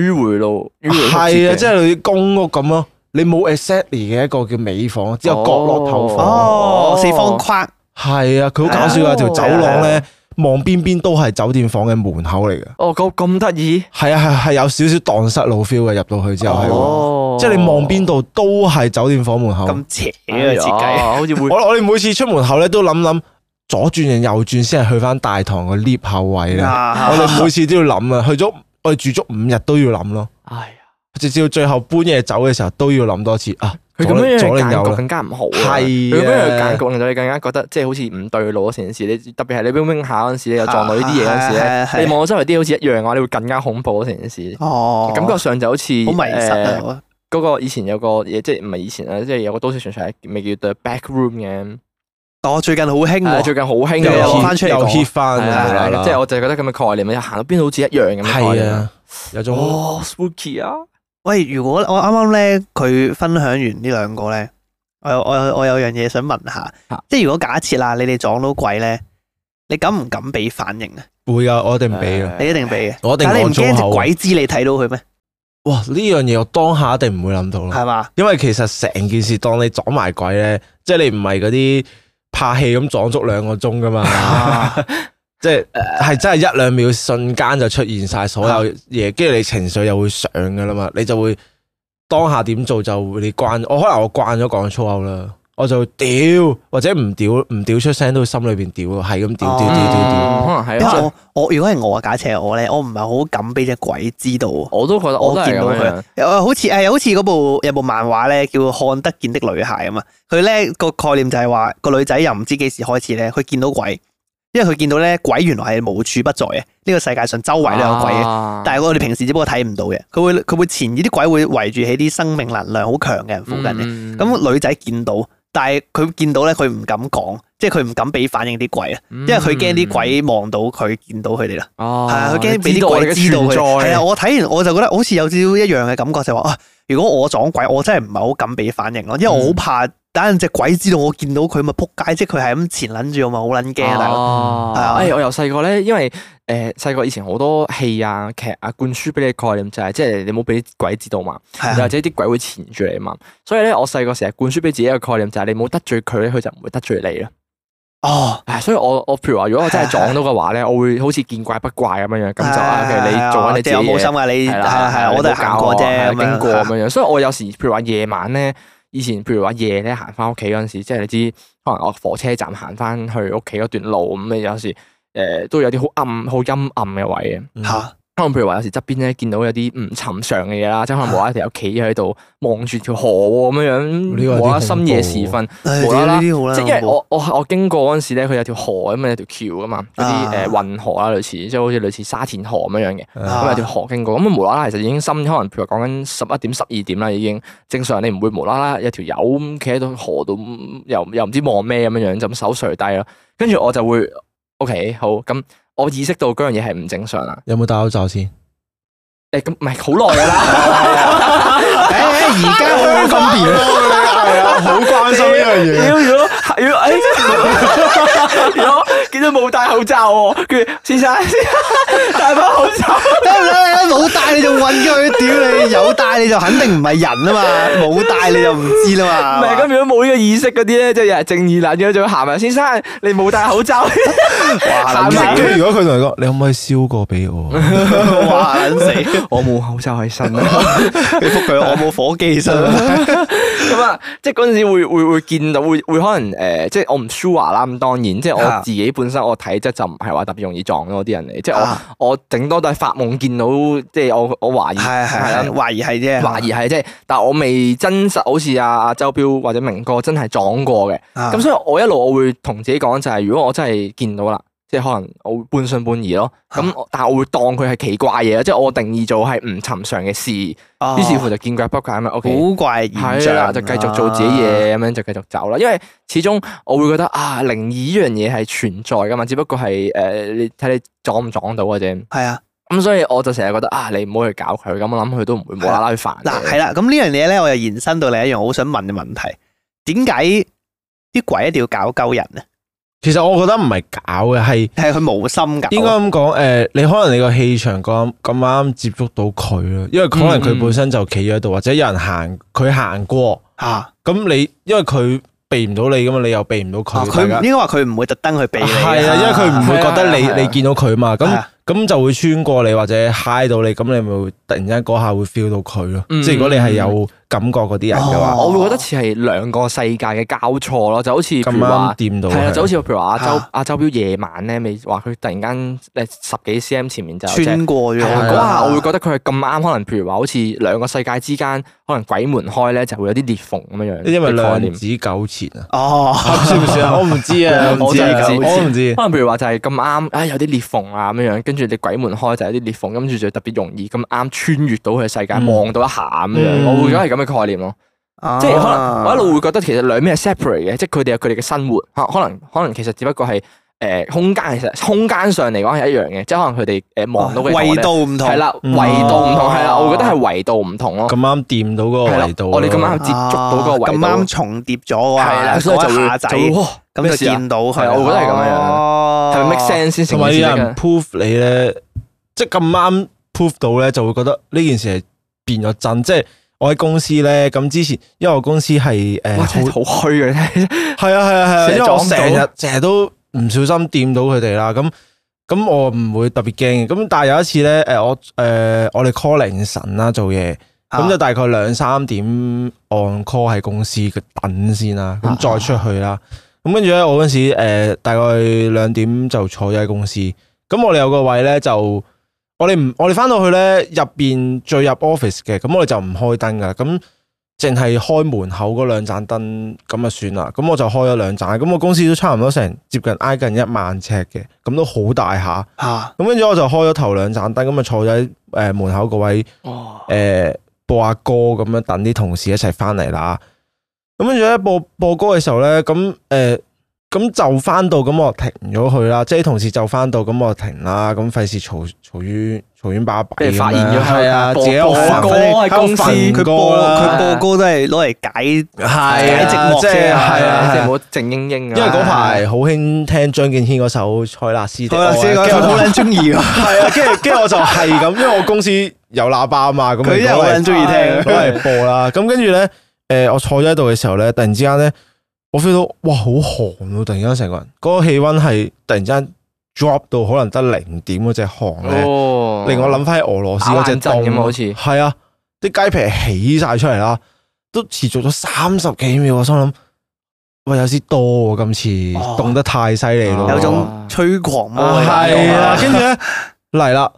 迂回路，迂回路係啊，即係類似公屋咁咯。你冇 exactly 嘅一個叫美房，只有角落頭房哦，四方框。係啊，佢好搞笑啊！條走廊咧。望邊邊都係酒店房嘅門口嚟嘅。哦，咁咁得意。係啊，係係有少少蕩失路 feel 嘅，入到去之後係喎、哦啊，即係你望邊度都係酒店房門口。咁邪嘅設計，哎、呀好似會 我我哋每次出門口咧都諗諗左轉定右轉先係去翻大堂嘅 lift 口位咧。啊、我哋每次都要諗啊，去咗我哋住足五日都要諗咯。哎呀，直至到最後搬嘢走嘅時候都要諗多次啊。佢咁樣嘅格局更加唔好啊！佢咁樣嘅格局，令到你更加覺得，即係好似唔對路啊！成件事，你特別係你邊邊考嗰時，你又撞到呢啲嘢嗰陣時，你望到周圍啲好似一樣嘅話，你會更加恐怖啊！成件事，哦，感覺上就好似好迷失啊！嗰個以前有個嘢，即係唔係以前啊，即係有個都市傳說，咪叫 The Back Room 嘅。但我最近好興，最近好興，又翻出嚟講又 hit 翻，即係我就覺得咁嘅概念，你行到邊度好似一樣咁樣，係啊，有種 spooky 啊！喂，如果我啱啱咧佢分享完呢兩個咧，我有我有我有樣嘢想問下，即係如果假設啦，你哋撞到鬼咧，你敢唔敢俾反應咧？會啊，我一定俾啊！的你一定俾嘅。的但 我一定我。但係你唔驚鬼知你睇到佢咩？哇！呢樣嘢我當下一定唔會諗到啦。係嘛嗎？因為其實成件事當你撞埋鬼咧，即係你唔係嗰啲拍戲咁撞足兩個鐘噶嘛。 即係，係、uh, 真係一兩秒瞬間就出現晒所有嘢，跟住、uh, 你情緒又會上噶啦嘛，uh, 你就會當下點做就會你慣，我可能我慣咗講粗口啦，我就屌或者唔屌唔屌出聲，都會心裏邊屌係咁屌屌屌屌，嗯、可能係。因為我我如果係我假設我咧，我唔係好敢俾隻鬼知道。我都覺得我，我見到佢，好似誒，好似部有部漫畫咧叫《看得見的女孩》啊嘛，佢咧個概念就係話個女仔又唔知幾時開始咧，佢見到鬼。因為佢見到咧鬼，原來係無處不在嘅，呢個世界上周圍都有鬼，啊，但係我哋平時只不過睇唔到嘅，佢會佢會潛，啲鬼會圍住喺啲生命能量好強嘅人附近嘅。咁、嗯、女仔見到，但係佢見到咧，佢唔敢講，即係佢唔敢俾反應啲鬼啊。嗯、因為佢驚啲鬼望到佢見到佢哋啦。哦，係啊，佢驚俾啲鬼知道佢。係啊，我睇完我就覺得好似有少少一樣嘅感覺，就話、係、啊，如果我撞鬼，我真係唔係好敢俾反應咯，因為我好怕、嗯。等隻鬼知道我見到佢咪扑街，即係佢係咁纏捻住我咪好捻驚啊！大佬，係啊，哎，我由細個咧，因為誒細個以前好多戲啊劇啊灌輸俾你概念就係，即係你冇俾鬼知道嘛，又或者啲鬼會纏住你嘛，所以咧我細個成日灌輸俾自己嘅概念就係，你冇得罪佢咧，佢就唔會得罪你啦。哦，所以，我我譬如話，如果我真係撞到嘅話咧，我會好似見怪不怪咁樣樣，咁就你做緊你自己好心噶，你係係我都行過啫，經過咁樣樣，所以我有時譬如話夜晚咧。以前譬如話夜咧行翻屋企嗰陣時，即係你知，可能我火車站行翻去屋企嗰段路咁，你有時誒、呃、都有啲好暗、好陰暗嘅位嘅。嗯可能譬如話有時側邊咧見到有啲唔尋常嘅嘢啦，即係可能無啦啦有企喺度望住條河咁樣樣，無啦啦深夜時分，無啦啦，即係我我我經過嗰陣時咧，佢有條河咁樣，有條橋啊嘛，啲誒運河啦類似，即係好似類似沙田河咁樣樣嘅，咁有條河經過咁無啦啦，其實已經深，可能譬如講緊十一點、十二點啦，已經正常，你唔會無啦啦有條友企喺度河度，又又唔知望咩咁樣樣，就咁手垂低咯。跟住我就會，OK，好咁。我意識到嗰樣嘢係唔正常啦。有冇戴口罩先？誒咁唔係好耐㗎啦。誒而家好冇分別啦。係 啊，好關心呢樣嘢。 哎， 如果見到冇戴口罩喎，佢先生戴翻口罩，得唔得？冇戴你就揾佢屌你， 有戴你就肯定唔係人啊嘛，冇戴你就唔知啦嘛。唔係咁如果冇呢個意識嗰啲咧，即係又係正義難彰，就行埋先生，你冇戴口罩。哇！卵死！如果佢同你講，你可唔可以燒過俾我？ 哇！卵死！我冇口罩喺身、啊， 你復佢，我冇火機喺身。 咁啊，即係嗰陣時會會會見到，會會可能誒、呃，即係我唔 sure 啦。咁當然，即係我自己本身我體質就唔係話特別容易撞到啲人嚟。啊、即係我、啊、我頂多都係發夢見到，即係我我懷疑，係啊懷疑係啫，懷疑係啫。但我未真實好似阿阿周標或者明哥真係撞過嘅。咁、啊、所以我一路我會同自己講就係、是，如果我真係見到啦。即係可能我會半信半疑咯，咁但係我會當佢係奇怪嘢，即係我定義做係唔尋常嘅事，於、哦、是乎就見怪不怪啊嘛。好怪現象，係就繼續做自己嘢，咁樣、啊、就繼續走啦。因為始終我會覺得啊，靈異呢樣嘢係存在噶嘛，只不過係誒你睇你撞唔撞到嘅啫。係啊，咁所以我就成日覺得啊，你唔好去搞佢，咁我諗佢都唔會冇啦啦去煩。嗱、啊，係啦、啊，咁呢樣嘢咧，我又延伸到另一樣好想問嘅問題：點解啲鬼一定要搞鳩人咧？其實我覺得唔係搞嘅，係係佢冇心噶。應該咁講，誒，你可能你個氣場咁咁啱接觸到佢咯，因為可能佢本身就企喺度，或者有人行，佢行過吓，咁、啊、你因為佢避唔到你噶嘛，你又避唔到佢。佢他家應該話佢唔會特登去避你。係啊，因為佢唔會覺得你的你見到佢嘛，咁咁就會穿過你或者嗨到你，咁你咪會突然間嗰下會 feel 到佢咯。嗯、即係如果你係有。感覺嗰啲人嘅話，我會覺得似係兩個世界嘅交錯咯，就好似譬如話，係啊，就好似譬如話阿周阿周標夜晚咧，未話佢突然間咧十幾 cm 前面就穿過咗。嗰下我會覺得佢係咁啱，可能譬如話好似兩個世界之間可能鬼門開咧，就會有啲裂縫咁樣樣，因為量子糾纏啊，哦，算唔算啊？我唔知啊，我唔知，我唔知，可能譬如話就係咁啱，啊有啲裂縫啊咁樣樣，跟住你鬼門開就有啲裂縫，跟住就特別容易咁啱穿越到佢嘅世界，望到一下咁樣，我如果係咁。咩概念咯？即係可能我一路會覺得其實兩邊係 separate 嘅，即係佢哋有佢哋嘅生活吓。可能可能其實只不過係誒空間，其實空間上嚟講係一樣嘅，即係可能佢哋誒望到嘅維度唔同係啦，維度唔同係啦。我覺得係維度唔同咯。咁啱掂到個維度，我哋咁啱接觸到個維度，咁啱重疊咗啊！所以就就咁就見到佢。我覺得係咁樣樣，係咪 make sense 先？同埋有人 proof 你咧，即係咁啱 proof 到咧，就會覺得呢件事係變咗真，即係。我喺公司咧，咁之前，因為我公司係誒好虛嘅，係啊係啊係啊，因為我成日成日都唔小心掂到佢哋啦，咁咁我唔會特別驚。咁但係有一次咧，誒、呃、我誒我哋 call 凌晨啦，做嘢，啊，咁就大概兩三點按 call 喺公司等先啦，咁、啊、再出去啦。咁跟住咧，我嗰時誒大概兩點就坐咗喺公司，咁我哋有個位咧就。我哋唔，我哋翻到去咧，入邊最入 office 嘅，咁我哋就唔開燈噶，咁淨係開門口嗰兩盞燈，咁啊算啦，咁我就開咗兩盞，咁我公司都差唔多成接近挨近一萬尺嘅，咁都好大下，吓、啊，咁跟住我就開咗頭兩盞燈，咁啊坐喺誒門口嗰位，哦、啊，誒、呃、播阿歌咁樣等啲同事一齊翻嚟啦，咁跟住咧播播歌嘅時候咧，咁、呃、誒。咁就翻到，咁我停咗佢啦，即係同事就翻到，咁我停啦，咁費事嘈嘈冤嘈冤巴閉咁樣。發現咗係啊，自己播歌喺公司，佢播佢播歌都係攞嚟解係解寂寞係即係冇靜嚶嚶，因為嗰排好興聽張敬軒嗰首《蔡納斯》。蔡納斯，佢好人，中意。係啊，跟住跟住我就係咁，因為我公司有喇叭啊嘛，咁佢因為好人，中意聽，攞嚟播啦。咁跟住咧，誒，我坐咗喺度嘅時候咧，突然之間咧。我 feel 到哇好寒啊！突然間成個人，嗰個氣溫係突然之間 drop 到可能得零點嗰隻寒咧，哦、令我諗翻喺俄羅斯嗰隻凍，好似係啊，啲雞皮起晒出嚟啦，都持續咗三十幾秒，我心諗哇有啲多啊，今次凍、哦、得太犀利咯，有種吹狂啊！係啊，跟住咧嚟啦，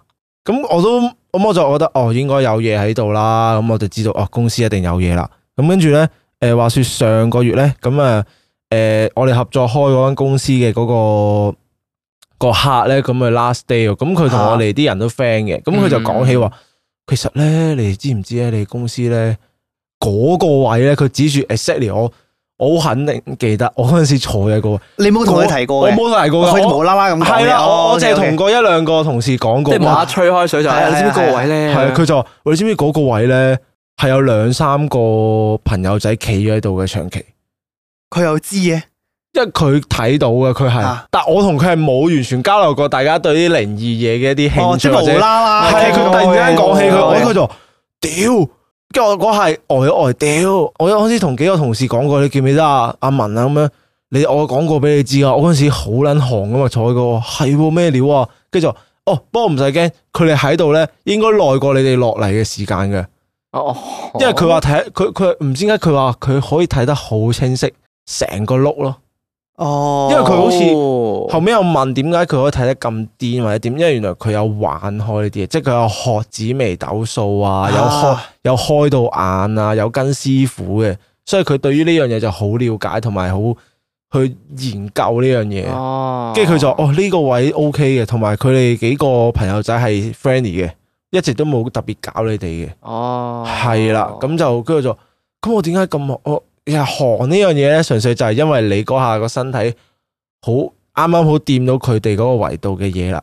咁我都我就咗，覺得哦應該有嘢喺度啦，咁我就知道哦公司一定有嘢啦，咁跟住咧。誒，話說上個月咧，咁啊，誒，我哋合作開嗰間公司嘅嗰個個客咧，咁啊 last day，咁佢同我哋啲人都 friend 嘅，咁佢就講起話，其實咧，你知唔知咧？你公司咧嗰個位咧，佢指住 Ethan 嚟我，我肯定記得，我嗰陣時坐嘅個，你冇同佢提過，我冇提過噶，我無啦啦咁，係咯，我淨係同過一兩個同事講過，你唔好吹開水就係，你知唔知個位咧，係啊，佢就話，你知唔知嗰個位咧？係有兩三個朋友仔企咗喺度嘅，長期佢又知嘅，因為佢睇到嘅，佢係，但我同佢係冇完全交流過，大家對啲靈異嘢嘅一啲興趣啫、呃。係佢突然之間講起佢，我佢就屌，跟住我嗰係呆呆屌，我一開始同幾個同事講過，你記唔記得啊？阿文啊咁樣，你我講過俾你知噶，我嗰陣時好撚寒咁、嗯、啊，坐喺嗰個係咩料啊？跟住就哦，不過唔使驚，佢哋喺度咧應該耐過你哋落嚟嘅時間嘅。他他哦，因為佢話睇佢佢唔知點解佢話佢可以睇得好清晰成個碌咯。哦，因為佢好似後尾我問點解佢可以睇得咁癲或者點，因為原來佢有玩開呢啲嘢，即係佢有學紫微斗數啊，啊有，有開有開到眼啊，有跟師傅嘅，所以佢對於呢樣嘢就好了解，同埋好去研究呢樣嘢。哦，跟住佢就哦呢個位 OK 嘅，同埋佢哋幾個朋友仔係 friend 嘅。一直都冇特別搞你哋嘅，哦，係啦的，咁就跟住就，咁我點解咁我寒？呢樣嘢咧，純粹就係因為你嗰下個身體好啱啱好掂到佢哋嗰個維度嘅嘢啦，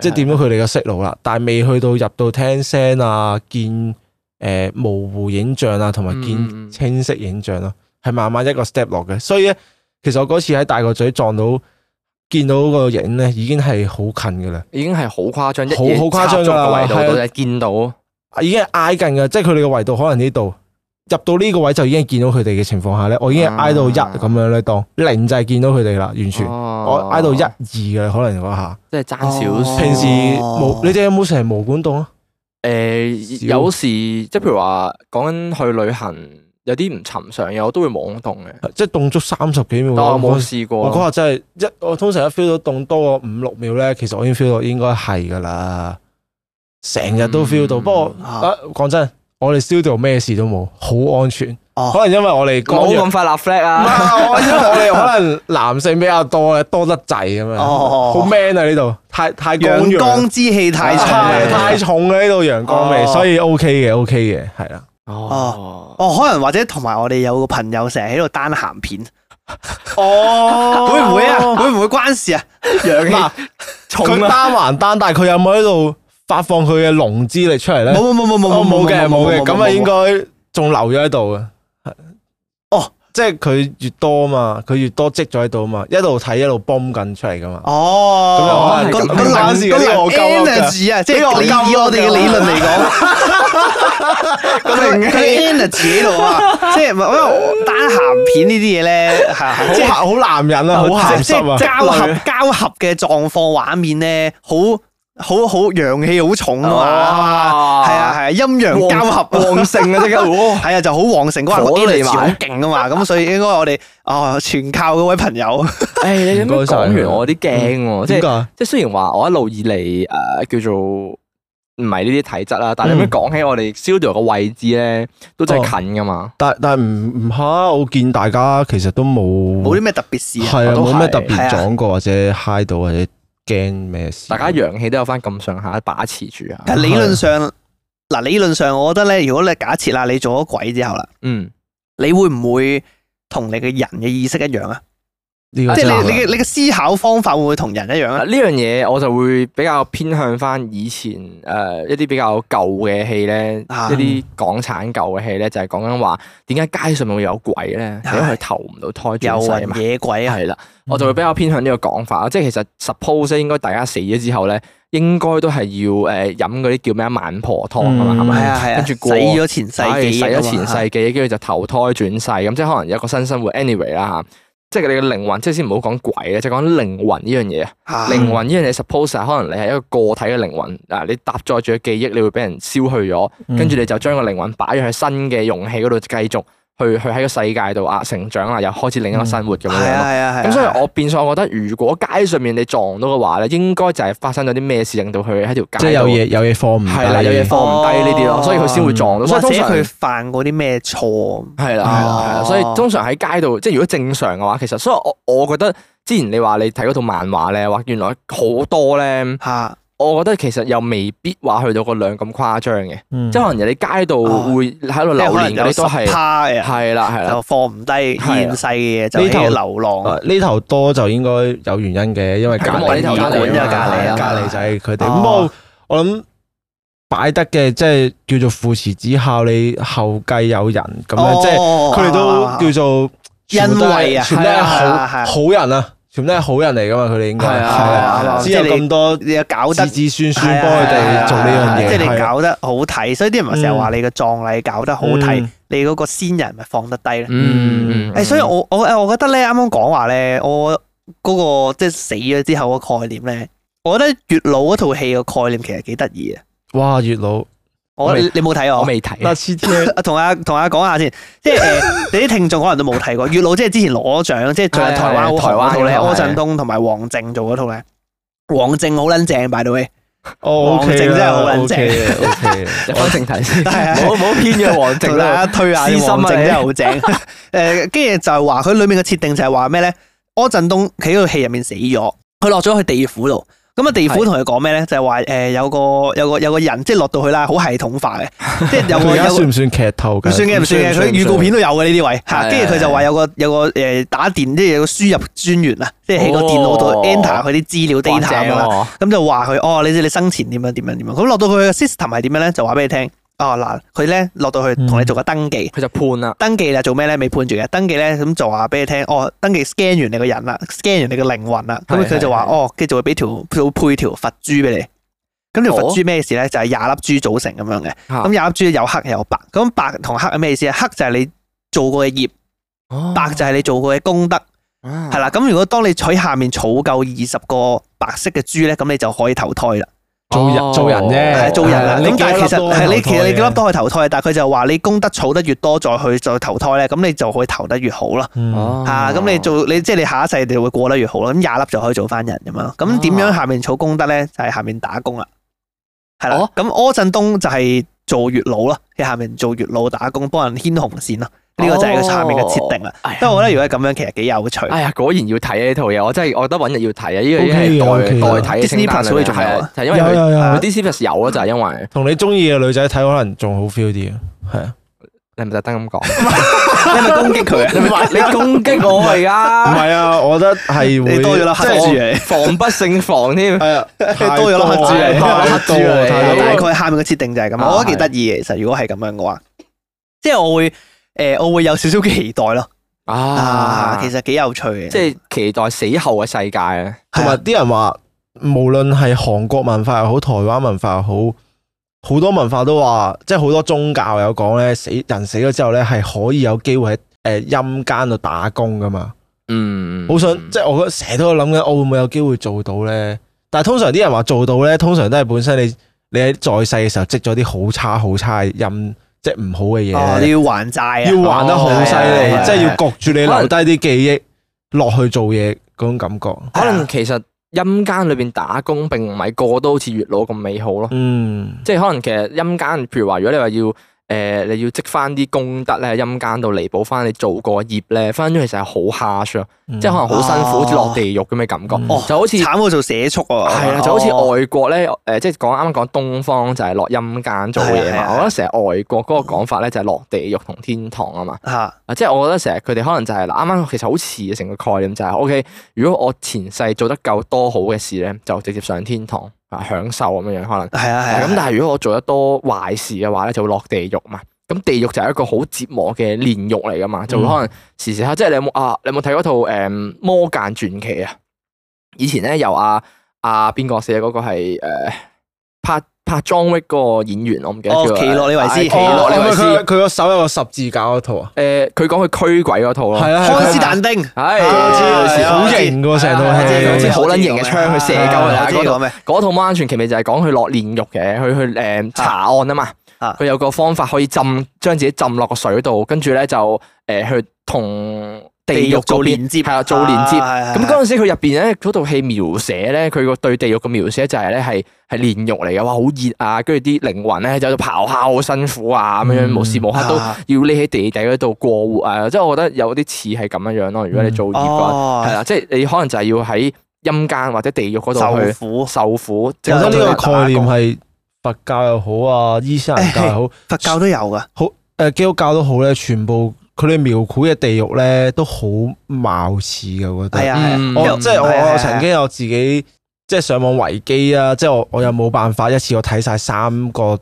即係掂到佢哋嘅色路啦，的但係未去到入到聽聲啊，見、呃、模糊影像啊，同埋見清晰影像啊，係、嗯、慢慢一個 step 落嘅。所以咧，其實我嗰次喺大個嘴撞到。見到個影咧，已經係好近嘅啦，已經係好誇張，好好誇張一好誇張噶啦，係的見到，已經挨近噶，即係佢哋嘅圍度可能呢度入到呢個位就已經見到佢哋嘅情況下咧，我已經挨到一咁、啊、樣咧，當零就係見到佢哋啦，完全、啊、我挨到一二嘅可能嗰下，即係爭少少、啊。平時冇、哦、你哋有冇成日毛管洞啊？誒、呃，小有時即係譬如話講緊去旅行。有啲唔尋常嘅，我都會妄動嘅，即係動足三十幾秒。但我冇試過。我嗰日真係一，我通常一 feel 到動多個五六秒咧，其實我已經 feel 到應該係噶啦。成日都 feel 到，不過啊，講真，我哋 studio 咩事都冇，好安全。可能因為我哋冇咁快立 flag 啊。唔係，我因為我哋可能男性比較多咧，多得滯咁樣。好 man 啊！呢度太太陽光之氣太重，太重啊！呢度陽光味，所以 OK 嘅，OK 嘅，係啦。哦，哦，oh, oh, 可能或者同埋我哋有個朋友成日喺度單鹹片，哦，oh, 會唔會啊？會唔會關事啊？嗱，佢單還單，但係佢有冇喺度發放佢嘅龍之力出嚟咧？冇冇冇冇冇冇冇嘅冇嘅，咁啊應該仲留咗喺度嘅，哦。即係佢越多嘛，佢越多積咗喺度嘛，一路睇一路 b o 緊出嚟噶嘛。哦，咁又可能，咁難事，咁惡夠啊！即係以我哋嘅理論嚟講，佢喺 N 字度啊，即係唔，因為單鹹片呢啲嘢咧，係即係好男人啊，好鹹濕啊，交合交合嘅狀況畫面咧，好。好好陽氣好重啊嘛，係啊係啊，陰陽交合，旺盛啊即係，係啊就好旺盛嗰個火嚟嘛，好勁啊嘛，咁所以應該我哋啊全靠嗰位朋友。誒，你咁樣講完我啲驚，即即係雖然話我一路以嚟，誒叫做唔係呢啲體質啦，但係你咁樣講起我哋 studio 個位置咧，都真係近噶嘛。但但唔唔吓，我見大家其實都冇冇啲咩特別事，係啊冇咩特別撞過或者嗨到或者。驚咩事？大家陽氣都有翻咁上下把持住啊！但理論上，嗱是，理論上，我覺得咧，如果你假設啦，你做咗鬼之後啦，嗯，你會唔會同你嘅人嘅意識一樣啊？即係你你嘅你嘅思考方法會唔會同人一樣啊？呢樣嘢我就會比較偏向翻以前誒、呃、一啲比較舊嘅戲咧，啊、一啲港產舊嘅戲咧，就係講緊話點解街上面會有鬼咧？點解佢投唔到胎轉世嘛，野鬼係、啊、啦，了嗯、我就會比較偏向呢個講法。即係其實 suppose 應該大家死咗之後咧，應該都係要誒飲嗰啲叫咩孟婆湯啊嘛，係啊，跟住死咗前世紀，死咗前世嘅嘢，跟住就投胎轉世咁，即係的的可能有一個新生活。anyway 啦吓。即係你嘅靈魂，即係先唔好講鬼嘅，就講靈魂呢樣嘢啊。靈 魂呢樣嘢，suppose 可能你係一個個體嘅靈魂啊，你搭載住嘅記憶，你會俾人消去咗，跟住你就將個靈魂擺咗喺新嘅容器嗰度繼續。去去喺個世界度啊，成長啊，又開始另一個生活咁、嗯、樣，係啊係。咁、啊啊、所以，我變相我覺得，如果街上面你撞到嘅話咧，應該就係發生咗啲咩事，令到佢喺條街。即係有嘢有嘢放唔低，係啦，有嘢放唔低呢啲咯，啊哦、所以佢先會撞到。或者佢犯過啲咩錯？係啦係啦係啦，所以通常喺街度，即係如果正常嘅話，其實所以我我覺得，之前你話你睇嗰套漫畫咧，話原來好多咧。吓、啊。我覺得其實又未必話去到個量咁誇張嘅，即係可能你街度會喺度流連，你都係係啦係啦，又放唔低現世嘅嘢，呢頭流浪呢頭多就應該有原因嘅，因為隔籬呢頭隔籬就係佢哋。咁我我諗擺得嘅，即係叫做父慈子孝，你後繼有人咁樣，即係佢哋都叫做因係啊，係好人啊。全部都係好人嚟㗎嘛？佢哋應該知有咁多，你又搞得子子孫孫，幫佢哋做呢樣嘢。即、啊、係、啊啊、你搞得好睇，嗯、所以啲人咪成日話你個葬禮搞得好睇，嗯、你嗰個先人咪放得低咧。誒、嗯嗯欸，所以我我誒，我覺得咧，啱啱講話咧，我嗰、嗰個即係死咗之後個概念咧，我覺得《月老》嗰套戲個概念其實幾得意啊！哇，《月老》。我你冇睇我未睇。樂同阿同阿講下先，即係誒、呃，你啲聽眾可能都冇睇過。月老即係之前攞獎，即係做台灣台灣套柯震東同埋王靜做嗰套咧。王靜好撚正，by the way，王靜真係好撚正。我淨睇先。係啊，唔好唔好偏咗王靜。同阿阿推下啲王靜真係好正。誒，跟住就係話佢裏面嘅設定就係話咩咧？柯震東喺嗰套戲入面死咗，佢落咗去地府度。咁啊，地府同佢講咩咧？就係話誒，有個有個有個人即係落到去啦，好系統化嘅，即係有個而家算唔算劇透噶？唔算嘅，唔算嘅，佢預告片都有嘅呢啲位吓。跟住佢就話有個有個誒打電，就是、的即係有個輸入專員啊，即係喺個電腦度 enter 佢啲資料 data 咁就話佢哦，你即係你生前點樣點樣點樣。咁落到去嘅 system 係點樣咧？就話俾你聽。哦嗱，佢咧落到去同你做個登記，佢、嗯、就判啦。登記啦做咩咧？未判住嘅，登記咧咁就話俾你聽，哦，登記 scan 完你個人啦，scan 完你個靈魂啦，咁佢是就話，是是是哦，跟住就會俾條配條佛珠俾你。咁條、哦、佛珠咩事咧？就係、是、廿粒珠組成咁樣嘅。咁廿、哦、粒珠有黑有白，咁白同黑係咩意思啊？黑就係你做過嘅業，哦、白就係你做過嘅功德。係、哦嗯、啦，咁如果當你喺下面儲夠二十個白色嘅珠咧，咁你就可以投胎啦。做人、哦、做人啫，係做人啦。咁但係其實係你，其實你幾粒都可以投，投胎，但係佢就話你功德儲得越多，再去再投胎咧，咁你就可以投得越好啦。吓、嗯，咁、啊、你做你即係、就是、你下一世你會過得越好啦。咁廿粒就可以做翻人咁樣。咁點樣下面儲功德咧？哦、就係下面打工啦。係啦，咁、哦、柯震東就係做月老啦，喺下面做月老打工，幫人牽紅線啦。呢個就係個下面嘅設定啦。不過我覺得，如果係咁樣，其實幾有趣。哎呀，果然要睇呢套嘢。我真係，我覺得搵日要睇啊。呢個嘢經代代睇性質啦。係啊，係因為 D C P 有咯，就係因為。同你中意嘅女仔睇，可能仲好 feel 啲啊。係啊，你唔使得咁講，你咪攻擊佢。唔係，你攻擊我而家。唔係啊，我覺得係會多咗啦。黑住你，防不勝防添。係啊，即係多咗啦，黑住你。太多太多，大概下面嘅設定就係咁。我覺得幾得意嘅，其實如果係咁樣嘅話，即係我會。誒、呃，我會有少少期待咯，啊，啊，其實幾有趣嘅，即係期待死後嘅世界咧。同埋啲人話，無論係韓國文化又好，台灣文化又好，好多文化都話，即係好多宗教有講咧，死人死咗之後咧係可以有機會喺誒陰間度打工噶嘛。嗯，好想、嗯、即係我，我成日都諗緊，我會唔會有機會做到咧？但係通常啲人話做到咧，通常都係本身你你喺在，在世嘅時候積咗啲好差好差嘅陰。即唔好嘅嘢，你、哦、要還債啊，要還得好犀利，即係、哦、要焗住你留低啲記憶落可能 去做嘢嗰種感覺。可能其實陰間裏邊打工並唔係個個都好似月老咁美好咯，嗯，即係可能其實陰間譬如話，如果你話要。誒、呃，你要積翻啲功德咧，陰間度彌補翻你做過業咧，反正其實係好 harsh 咯，嗯、即係可能好辛苦，好似、哦、落地獄咁嘅感覺，哦、就好似慘過做社畜啊，係啊的，哦、就好似外國咧，誒、呃，即係講啱啱講東方就係落陰間做嘢嘛，是的是的我覺得成日外國嗰個講法咧就係落地獄同天堂啊嘛，即係、嗯、我覺得成日佢哋可能就係啱啱其實好似成個概念就係、是、，OK，如果我前世做得夠多好嘅事咧，就直接上天堂。啊，享受咁樣樣可能係啊係，咁但係如果我做得多壞事嘅話咧，就會落地獄嘛。咁地獄就係一個好折磨嘅煉獄嚟噶嘛，嗯、就會可能時時刻即係你有冇啊？你有冇睇嗰套誒《魔間傳奇啊》啊？以前咧由阿阿邊個寫嗰個係誒帕。呃拍《John Wick》嗰個演員，我唔記得叫奇洛李維斯，奇洛李維斯。佢佢個手有個十字架嗰套啊。誒，佢講佢驅鬼嗰套咯。係啊，康斯坦丁。係，好型嘅成套戲，好撚型嘅槍去射鳩啊！嗰套《馬鞍傳奇》咪就係講佢落煉獄嘅，佢去誒查案啊嘛。佢有個方法可以浸，將自己浸落個水度，跟住咧就誒去同。地獄做連接係啦，做連接咁嗰陣時，佢入邊咧嗰套戲描寫咧，佢個對地獄嘅描寫就係咧，係係煉獄嚟嘅，哇，好熱啊！跟住啲靈魂咧就喺度咆哮，好辛苦啊咁樣，無時無刻都要匿喺地底嗰度過活啊！即係我覺得有啲似係咁樣樣咯。如果你做業嘅係啦，即係你可能就係要喺陰間或者地獄嗰度受苦，受苦。呢個概念係佛教又好啊，伊斯蘭教又好，佛教都有噶，好誒，基督教都好咧，全部。佢哋描繪嘅地獄咧，都好貌似嘅，我覺得。係啊、哎呀，我、嗯、即係、哎、呀我曾經有自己即係上網維基啊，哎、呀即係我我又冇辦法一次我睇晒三個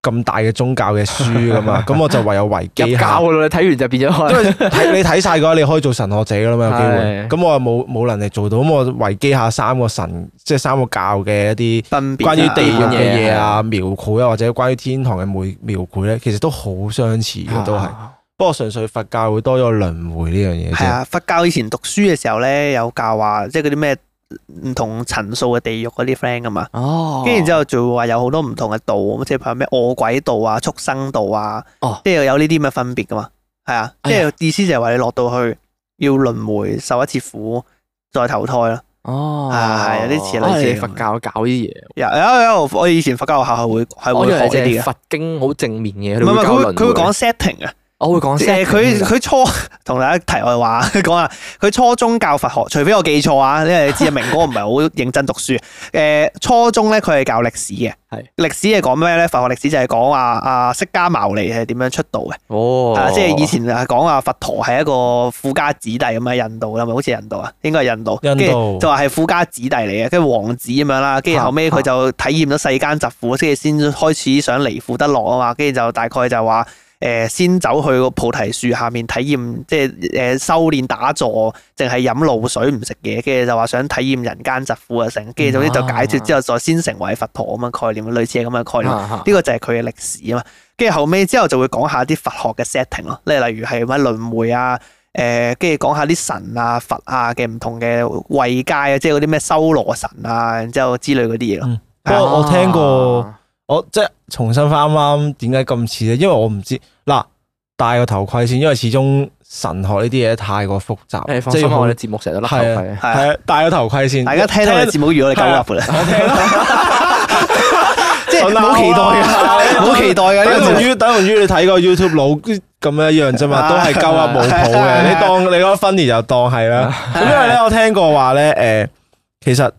咁大嘅宗教嘅書噶嘛，咁 我就唯有維基下。入教你睇完就變咗。 因為睇你睇晒嘅話，你可以做神學者噶啦嘛，有機會。咁 我冇冇能力做到，咁我維基下三個神，即係三個教嘅一啲關於地獄嘅嘢啊，描繪啊，或者關於天堂嘅每描繪咧，其實都好相似嘅，都係。不過純粹佛教會多咗輪迴呢樣嘢。係啊，佛教以前讀書嘅時候咧，有教話即係嗰啲咩唔同層數嘅地獄嗰啲 friend 噶嘛。哦。跟然之後就會話有好多唔同嘅道，即係譬如咩餓鬼道啊、畜生道啊，哦、即係有呢啲咩分別噶嘛。係啊、哎呀，即係意思就係話你落到去要輪迴受一次苦，再投胎啦。哦。係係有啲似類似佛教搞啲嘢。有有、哎哎哎、我以前佛教學校係會係會學啲佛經好正面嘅，佢會教輪迴。佢會講 setting 啊。我會講誒，佢佢初同大家題外話講啊，佢初中教佛學，除非我記錯啊，因為你知明哥唔係好認真讀書誒。 初中咧，佢係教歷史嘅，係歷史係講咩咧？佛學歷史就係講話啊釋迦牟尼係點樣出道嘅，哦，啊、即係以前係講話佛陀係一個富家子弟咁喺印度係咪？好似印度啊，應該係印度。印度。跟住就話係富家子弟嚟嘅，跟住王子咁樣啦，跟住後尾，佢就體驗咗世間疾苦，先至先開始想離苦得樂啊嘛，跟住就大概就話。誒，先走去個菩提樹下面體驗，即係誒修煉打坐，淨係飲露水唔食嘢，跟住就話想體驗人間疾苦啊，成，跟住總之就解脫之後再先成為佛陀咁嘅概念，類似咁嘅概念。呢個就係佢嘅歷史啊嘛。跟住後尾之後就會講下啲佛學嘅 setting 咯，即係例如係乜輪回啊，誒，跟住講下啲神啊佛啊嘅唔同嘅位階啊，即係嗰啲咩修羅神啊，然之後之類嗰啲嘢咯。不過、嗯、我聽過。我即係重新翻啱啱點解咁似咧？因為我唔知嗱，戴個頭盔先，因為始終神學呢啲嘢太過複雜，即係我哋節目成日都甩頭盔嘅。係啊，戴個頭盔先。大家聽到我哋節目如我哋狗入嚟，即係好期待噶，好期待噶。等同於等於你睇個 YouTube 老咁樣一樣啫嘛，都係狗入冇譜嘅。你當你個 funny 就當係啦。因為咧，我聽過話咧，誒，其實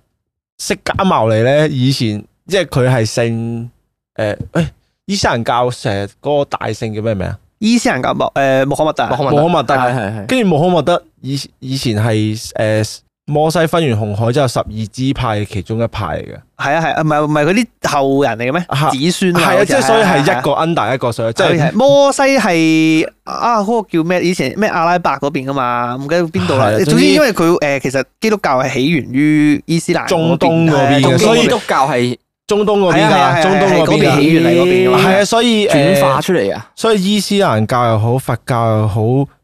釋迦牟尼咧以前即係佢係姓。誒，誒，伊斯蘭教成個大聖叫咩名啊？伊斯蘭教木誒，穆罕默德，穆罕默德，跟住穆罕默德以以前係誒摩西分完紅海之後，十二支派其中一派嚟嘅。係啊係啊，唔係唔係啲後人嚟嘅咩？子孫係啊，即係所以係一個 under 一個，所以即係摩西係啊，嗰個叫咩？以前咩阿拉伯嗰邊㗎嘛？唔記得邊度啦。總之因為佢誒，其實基督教係起源於伊斯蘭中東嗰邊，所以基督教係。中東嗰邊㗎，中東嗰邊起源嚟嗰邊，係啊，所以轉化出嚟啊，所以伊斯蘭教又好，佛教又好，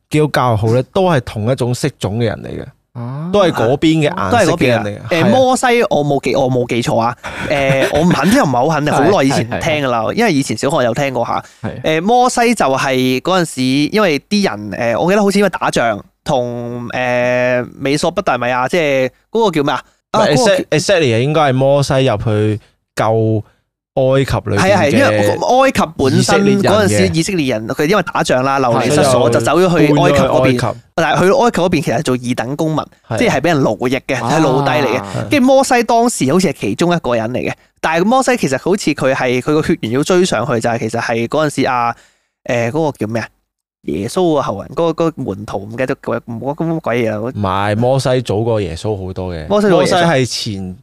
基督教又好咧，都係同一種色種嘅人嚟嘅，啊，都係嗰邊嘅顏色嘅人。誒，摩西，我冇記，我冇記錯啊，誒，我唔肯定，唔係好肯定，好耐以前聽噶啦，因為以前小學有聽過吓，誒，摩西就係嗰陣時，因為啲人，誒，我記得好似因為打仗，同誒美索不達米亞，即係嗰個叫咩啊？埃塞利啊，應該係摩西入去。舊埃及女係啊，係因為埃及本身嗰陣時以色列人佢，因為打仗啦流離失所，就走咗去埃及嗰邊，但係去埃及嗰邊其實係做二等公民，的即係俾人奴役嘅，係奴隸嚟嘅。跟住的、啊、摩西當時好似係其中一個人嚟嘅，但係摩西其實好似佢係佢個血緣要追上去就係、是、其實係嗰陣時阿誒嗰個叫咩啊耶穌嘅後人嗰、那個、那個門徒唔記得叫乜、那個、鬼咁鬼嘢啊！唔係摩西早過耶穌好多嘅，摩西係前。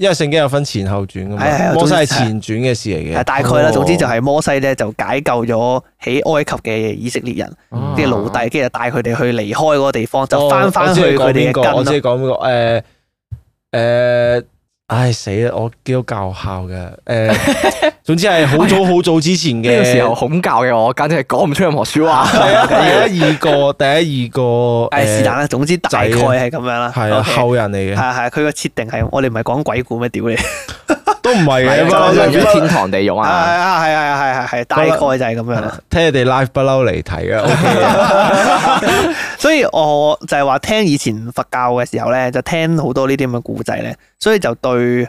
因為聖經有分前後傳噶嘛，哎、呀摩西係前傳嘅事嚟嘅。的哦、大概啦，哦、總之就係摩西咧就解救咗喺埃及嘅以色列人嘅奴隸，跟住帶佢哋去離開嗰個地方，哦、就翻翻去佢哋嘅根咯。我知講邊個？我知講邊個？誒誒。唉，死啦！我叫教校嘅，誒、呃， 總之係好早好早之前嘅 時候，恐教嘅我，簡直係講唔出任何說話。第一二個，第一二個，誒，是但啦，總之大概係咁樣啦，係啊 Okay，後人嚟嘅，係係，佢個設定係，我哋唔係講鬼故咩？屌你！都唔係嘅，天堂地獄啊！係啊，係啊，係係係，啊啊啊啊、大概就係咁樣。聽佢哋 live 不嬲嚟睇啊！所以我就係話聽以前佛教嘅時候咧，就聽好多呢啲咁嘅古仔咧，所以就對誒、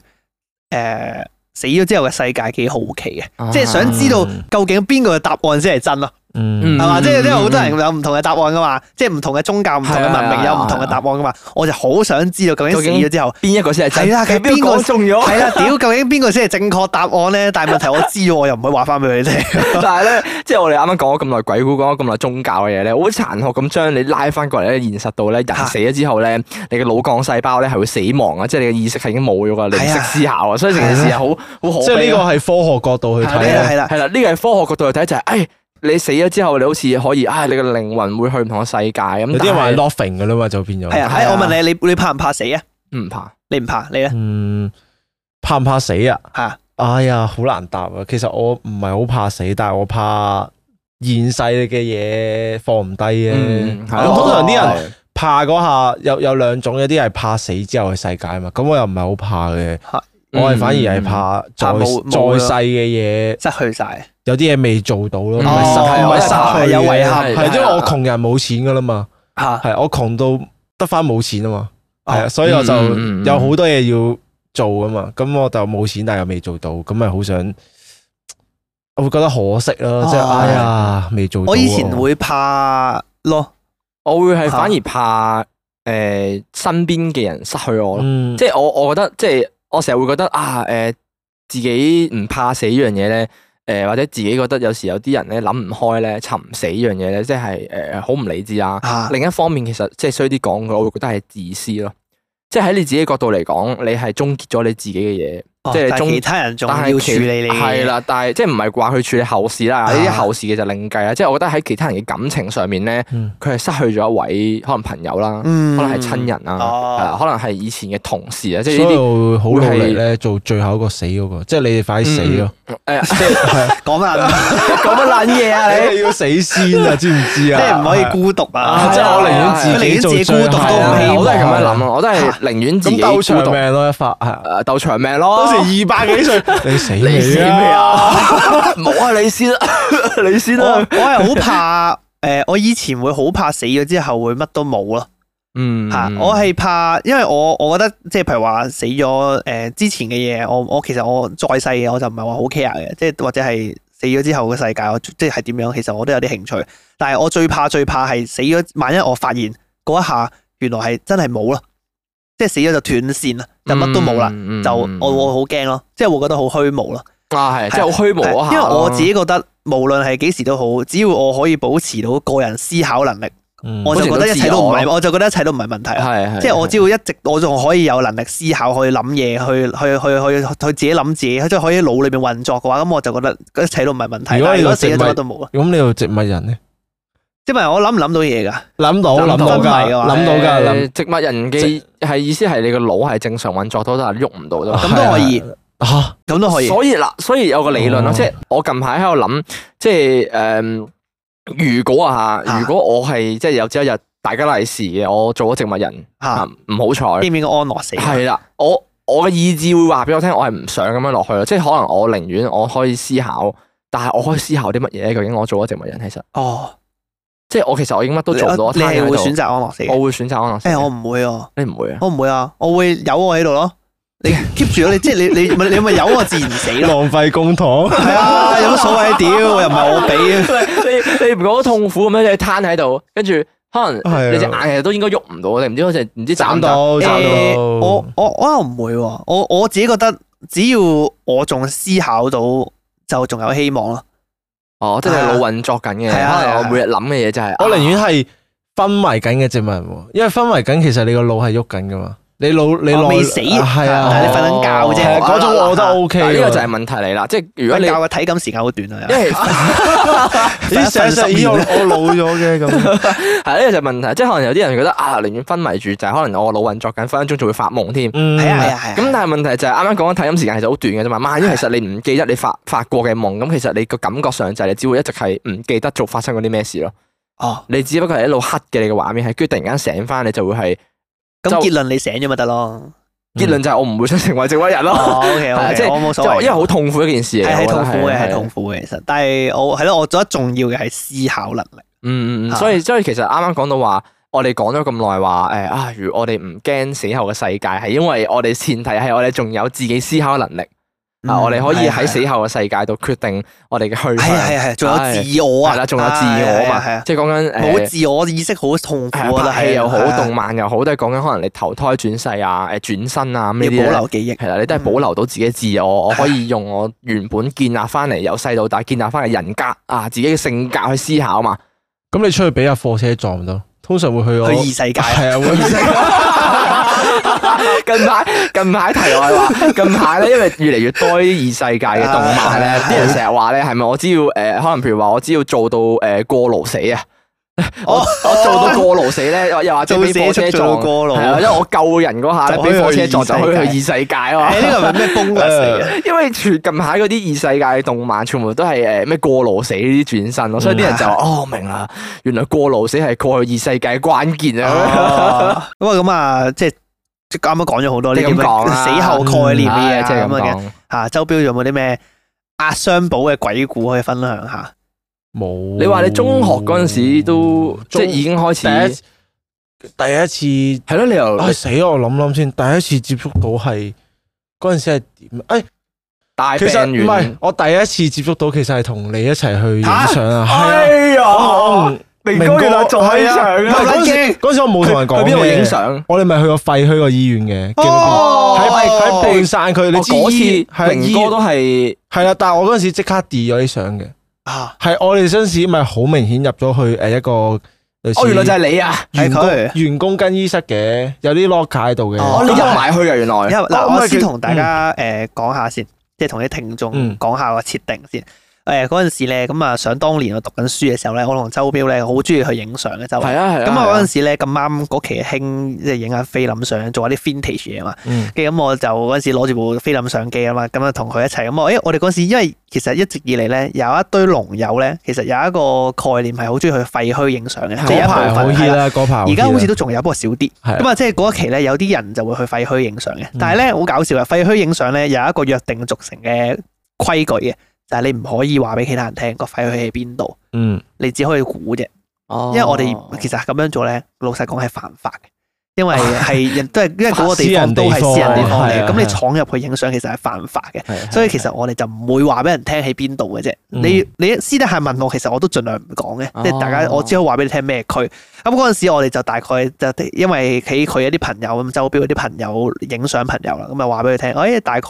呃、死咗之後嘅世界幾好奇嘅，即、就、係、是、想知道究竟邊個嘅答案先係真咯。啊 係嘛，即係啲好多人有唔同嘅答案噶嘛，即係唔同嘅宗教、唔同嘅文明有唔同嘅答案噶嘛，我就好想知道究竟死咗之後邊一個先係係邊個中咗？係啦，究竟邊個先係正確答案咧？但係問題我知，我又唔會話翻俾你聽。但係咧，即係我哋啱啱講咗咁耐鬼故，講咗咁耐宗教嘅嘢咧，好殘酷咁將你拉翻過嚟現實度咧，人死咗之後咧，你嘅腦幹細胞咧係會死亡啊，即係你嘅意識係已經冇咗啊，你唔識思考啊，所以成件事係好好。即係呢個係科學角度去睇啊，係啦，係啦，呢個係科學角度去睇就係你死咗之後，你好似可以，啊，你個靈魂會去唔同嘅世界咁。有啲人話落墳噶啦嘛，就變咗。係啊、哎呀哎，我問你，你你怕唔怕死啊？唔怕，你唔怕，你呢？嗯，怕唔怕死啊？吓，哎呀，好難答啊。其實我唔係好怕死，但係我怕現世嘅嘢放唔低嘅。嗯嗯啊、通常啲人怕嗰下有有兩種，有啲係怕死之後嘅世界啊嘛。咁我又唔係好怕嘅，嗯、我係反而係怕再、嗯、怕在世嘅嘢失去晒。有啲嘢未做到咯，唔係、哦、有遺憾係，即係我窮人冇錢噶啦嘛，係、啊、我窮到得返冇錢嘛啊嘛、啊，所以我就有好多嘢要做啊嘛，咁我就冇錢，但係又未做到，咁咪好想，我會覺得可惜咯、啊，即係、啊、哎呀，未做到。到。我以前會怕咯，我會係反而怕誒、啊呃、身邊嘅人失去我，嗯、即係我我覺得即係我成日會覺得啊，誒、呃、自己唔怕死呢樣嘢咧。誒、呃，或者自己覺得有時有啲人咧諗唔開咧，尋死呢樣嘢咧，即係誒好唔理智啊。啊，另一方面，其實即係衰啲講佢，我會覺得係自私咯。即係喺你自己角度嚟講，你係終結咗你自己嘅嘢。即係其他人但仲要處理你係啦，但係即係唔係話去處理後事啦，呢啲後事嘅就另計啦。即係我覺得喺其他人嘅感情上面咧，佢係失去咗一位可能朋友啦，可能係親人啦，可能係以前嘅同事啊。即係呢度好努力咧，做最後一個死嗰個，即係你哋快死咯。誒，講乜講乜撚嘢啊？你要死先啊？知唔知啊？即係唔可以孤獨啊！即係我寧願自己做孤獨，我都係咁樣諗咯。我都係寧願自己孤獨命咯，一發係誒，鬥長命咯。二百幾歲，歲 你死你死啊！冇啊，你先， 你先啦了。我我係好怕誒、 呃，我以前會好怕死咗之後會乜都冇咯。嗯，吓、啊、我係怕，因為我我覺得即係譬如話死咗誒、呃、之前嘅嘢，我我其實我在世嘅我就唔係話好 care 嘅，即係或者係死咗之後嘅世界，我即係點樣，其實我都有啲興趣。但係我最怕最怕係死咗，萬一我發現嗰一下原來係真係冇咯。即係死咗就斷線啦，就乜都冇啦，就我會好驚咯，即係會覺得好虛無咯。係，即係好虛無，因為我自己覺得無論係幾時都好，只要我可以保持到個人思考能力，我就覺得一切都唔係，我就覺得一切都唔係問題。即係我只要一直我仲可以有能力思考，可以諗嘢，去去去去去自己諗自己，即係可以腦裏面運作嘅話，咁我就覺得一切都唔係問題。如果死咗都冇啊，咁你又植物人呢？即係我諗唔諗到嘢噶諗到諗到噶諗到噶植物人嘅係意思係你個腦係正常運作到，但係喐唔到都。咁都可以啊，咁都可以。所以啦，所以有個理論咯，即係我近排喺度諗，即係誒，如果啊吓，如果我係即係有朝一日大吉利是嘅，我做咗植物人吓，唔好彩，面面安樂死。係啦，我我嘅意志會話俾我聽，我係唔想咁樣落去咯。即係可能我寧願我可以思考，但係我可以思考啲乜嘢？究竟我做咗植物人，其實哦。即係我其實我已經乜都做唔到，你係會選擇安樂死？我會選擇安樂死。誒，我唔會啊！你唔會啊？我唔會啊！我會有我喺度咯，你 keep 住咗你，即係你你你咪有我自然死咯，浪費公帑係啊，有乜所謂？屌，又唔係我俾你，你唔覺得痛苦咁樣，你癱喺度，跟住可能你隻眼都應該喐唔到，你唔知好似唔知斬到。誒，我我我又唔會喎，我我自己覺得只要我仲思考到，就仲有希望咯。哦，即係腦運作緊嘅，係啊的！因為我每日諗嘅嘢就係，是的啊、我寧願係昏迷緊嘅植物，因為昏迷緊其實你個腦係喐緊㗎嘛。你老你老未死，係啊，你瞓緊覺啫。嗰種我都 OK，呢個就係問題嚟啦。即係如果你瞓覺嘅體感時間好短啊。因為醒醒我老咗嘅咁。係，呢個就問題，即係可能有啲人覺得啊，寧願昏迷住就係可能我個腦運作緊，瞓一陣仲會發夢添。嗯，係啊，係啊。咁但係問題就係啱啱講緊體感時間其實好短嘅啫嘛。萬一其實你唔記得你發發過嘅夢，咁其實你個感覺上就係你只會一直係唔記得做發生嗰啲咩事咯。哦。你只不過係一路黑嘅你個畫面係，跟住突然間醒翻，你就會係。咁結論就你醒咗咪得咯？結論就係我唔會想成為植物人咯。即係我冇所謂，因為好痛苦一件事嚟，係痛苦嘅，係痛苦嘅。其實，但係我係咯，我覺得重要嘅係思考能力。嗯嗯嗯。所以所以其實啱啱講到話，我哋講咗咁耐話，誒啊，如我哋唔驚死後嘅世界，係因為我哋前提係我哋仲有自己思考能力。啊！我哋可以喺死後嘅世界度決定我哋嘅去向，仲有自我啊，係啦，仲有自我嘛，即係講緊誒，冇自我意識好痛苦啊，係又好，動漫又好，都係講緊可能你投胎轉世啊，誒，轉生啊，咩保留記憶係啦，你都係保留到自己自我，我可以用我原本建立翻嚟，由細到大建立翻嚟人格啊，自己嘅性格去思考嘛。咁你出去俾架貨車撞到，通常會去去異世界啊。近排近排，題外話，近排咧，因為越嚟越多啲異世界嘅動漫咧，啲人成日話咧，係咪我只要誒，可能譬如話我只要做到誒過勞死啊，我我做到過勞死咧，又或者俾火車撞，係啊，因為我救人嗰下咧，俾火車撞就去異世界啊嘛，係咪咩風啊死啊？因為近排嗰啲異世界嘅動漫全部都係誒咩過勞死呢啲轉身，所以啲人就哦明啦，原來過勞死係過去異世界關鍵啊，哇咁啊，即係。即啱啱講咗好多呢啲咩死後概念嘅嘢，即係咁嘅吓。周標有冇啲咩壓箱寶嘅鬼故可以分享下？冇。你話你中學嗰陣時都即係已經開始第一次，係咯？你又唉死，我諗諗先。第一次接觸到係嗰陣時係點？誒，其實唔係，我第一次接觸到其實係同你一齊去影相啊。哎呀！明哥原來仲係啊！嗰時嗰時我冇同人講，去邊度影相。我哋咪去個廢墟個醫院嘅，喺喺布散佢。你知明哥都係係啦，但係我嗰陣時即刻 delete 咗啲相嘅。啊，係我哋嗰陣時咪好明顯入咗去誒一個哦，原來就係你啊！員工員工更衣室嘅，有啲 locker 喺度嘅。哦，我哋入埋去啊！原來嗱，我先同大家誒講下先，即係同啲聽眾講下個設定先。誒，嗰陣時咧，咁啊，想當年我讀緊書嘅時候咧，我同周標咧，好中意去影相嘅。就係啊係咁啊，嗰陣、啊、時咧，咁啱嗰期興即係影下菲林相，做下啲 vintage 嘢嘛。咁、嗯、我就嗰陣時攞住部菲林相機啊嘛，咁啊同佢一齊咁啊。誒、哎，我哋嗰陣時，因為其實一直以嚟咧，有一堆龍友咧，其實有一個概念係好中意去廢墟影相嘅。即係啊，有一排啦，嗰排而家好似都仲有，不過少啲。咁啊，即係嗰一期咧，有啲人就會去廢墟影相嘅。但係咧，好搞笑啊！廢墟影相咧，有一個約定俗成嘅規矩嘅。但係你唔可以話俾其他人聽個廢墟喺邊度，嗯，你只可以估啫。哦，因為我哋其實咁樣做咧，老實講係犯法嘅，因為係人都係，因為嗰個地方都係私人地方嘅，咁你闖入去影相，其實係犯法嘅。所以其實我哋就唔會話俾人聽喺邊度嘅啫。你你私底下問我，其實我都盡量唔講嘅，即係大家我只可以話俾你聽咩區。咁嗰陣時我哋就大概就因為喺佢一啲朋友咁，周邊嗰啲朋友影相朋友啦，咁就話俾佢聽，誒大概。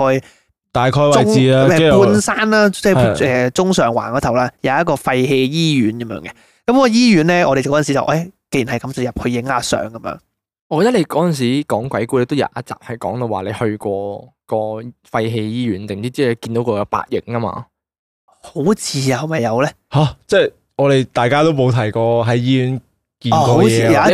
大概位置啦，半山啦，後即係誒中上環嗰頭啦，是的 有一個廢棄醫院咁樣嘅。咁、那個醫院咧，我哋嗰陣時就誒、哎，既然係咁，就入去影下相咁樣。我覺得你嗰陣時講鬼故，你都有一集係講到話你去過個廢棄醫院，定唔知即係見到個白影啊嘛？好似有咪有咧？吓、啊，即係我哋大家都冇提過喺醫院見到嘢。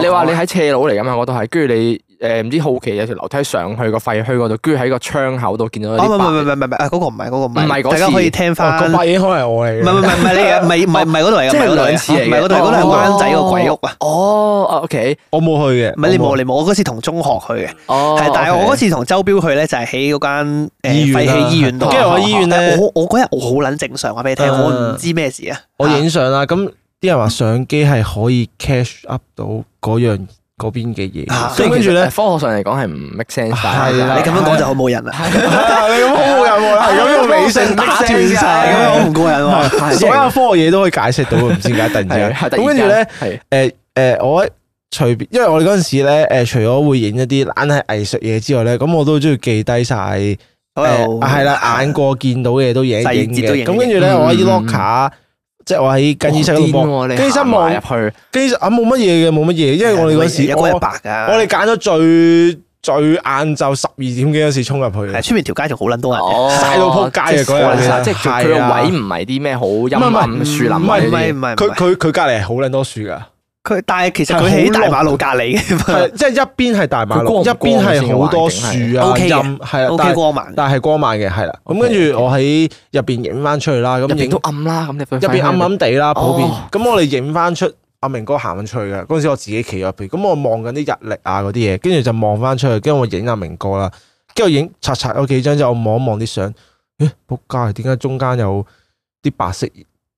你話你喺斜路嚟噶嘛？我都係，跟住你。誒，唔知好奇有條樓梯上去個廢墟嗰度，跟住喺個窗口度見到。哦，唔唔唔唔唔，啊，嗰個唔係嗰個。唔係嗰次。大家可以聽翻。個白影可能係我嚟。唔唔唔唔，你嘅唔唔唔係嗰度嚟嘅，有兩次嘅。唔係嗰度，嗰度係灣仔個鬼屋啊。哦，OK。我冇去嘅。唔係你冇，嚟冇，我嗰次同中學去嘅。但係我嗰次同周標去咧，就係喺嗰間誒廢墟醫院度。跟住我醫院咧，我嗰日我好捻正常，話俾你聽，我唔知咩事啊。我影相啦，咁啲人話相機係可以 catch up 到嗰樣。嗰邊嘅嘢，所以跟住咧，科學上嚟講係唔 make sense 曬。但係你咁樣講就好冇癮啦，你咁好冇癮喎，係咁用理性打斷曬，我唔過癮喎。所有科學嘢都可以解釋到，唔知點解突然之間。咁跟住咧，誒誒，我隨便，因為我哋嗰陣時咧，誒除咗會影一啲懶係藝術嘢之外咧，咁我都中意記低曬，係啦，眼過見到嘅嘢都影影。咁跟住咧，我依攞卡。即係我喺基尼斯路基尼斯望入去，基啊，冇乜嘢嘅，冇乜嘢，因為我哋嗰時一個一百噶，我哋揀咗最最晏晝十二點幾嗰時衝入去，出面條街就好撚多人，曬到仆街啊嗰陣時，即係佢個位唔係啲咩好陰暗樹林嗰啲唔係唔係，佢佢佢隔籬係好撚多樹噶。佢但係其實佢喺大馬路隔籬嘅，即係一邊係大馬路，一邊係好多樹啊蔭，係啊，但係光猛嘅係啦。咁跟住我喺入邊影翻出去啦，咁影都暗啦，咁你一邊暗暗地啦，普遍。咁我哋影翻出阿明哥行出去嘅嗰陣時，我自己企喺入邊，咁我望緊啲日曆啊嗰啲嘢，跟住就望翻出去，跟住我影阿明哥啦，跟住影刷刷咗幾張之後，我望一望啲相，誒，仆街，點解中間有啲白色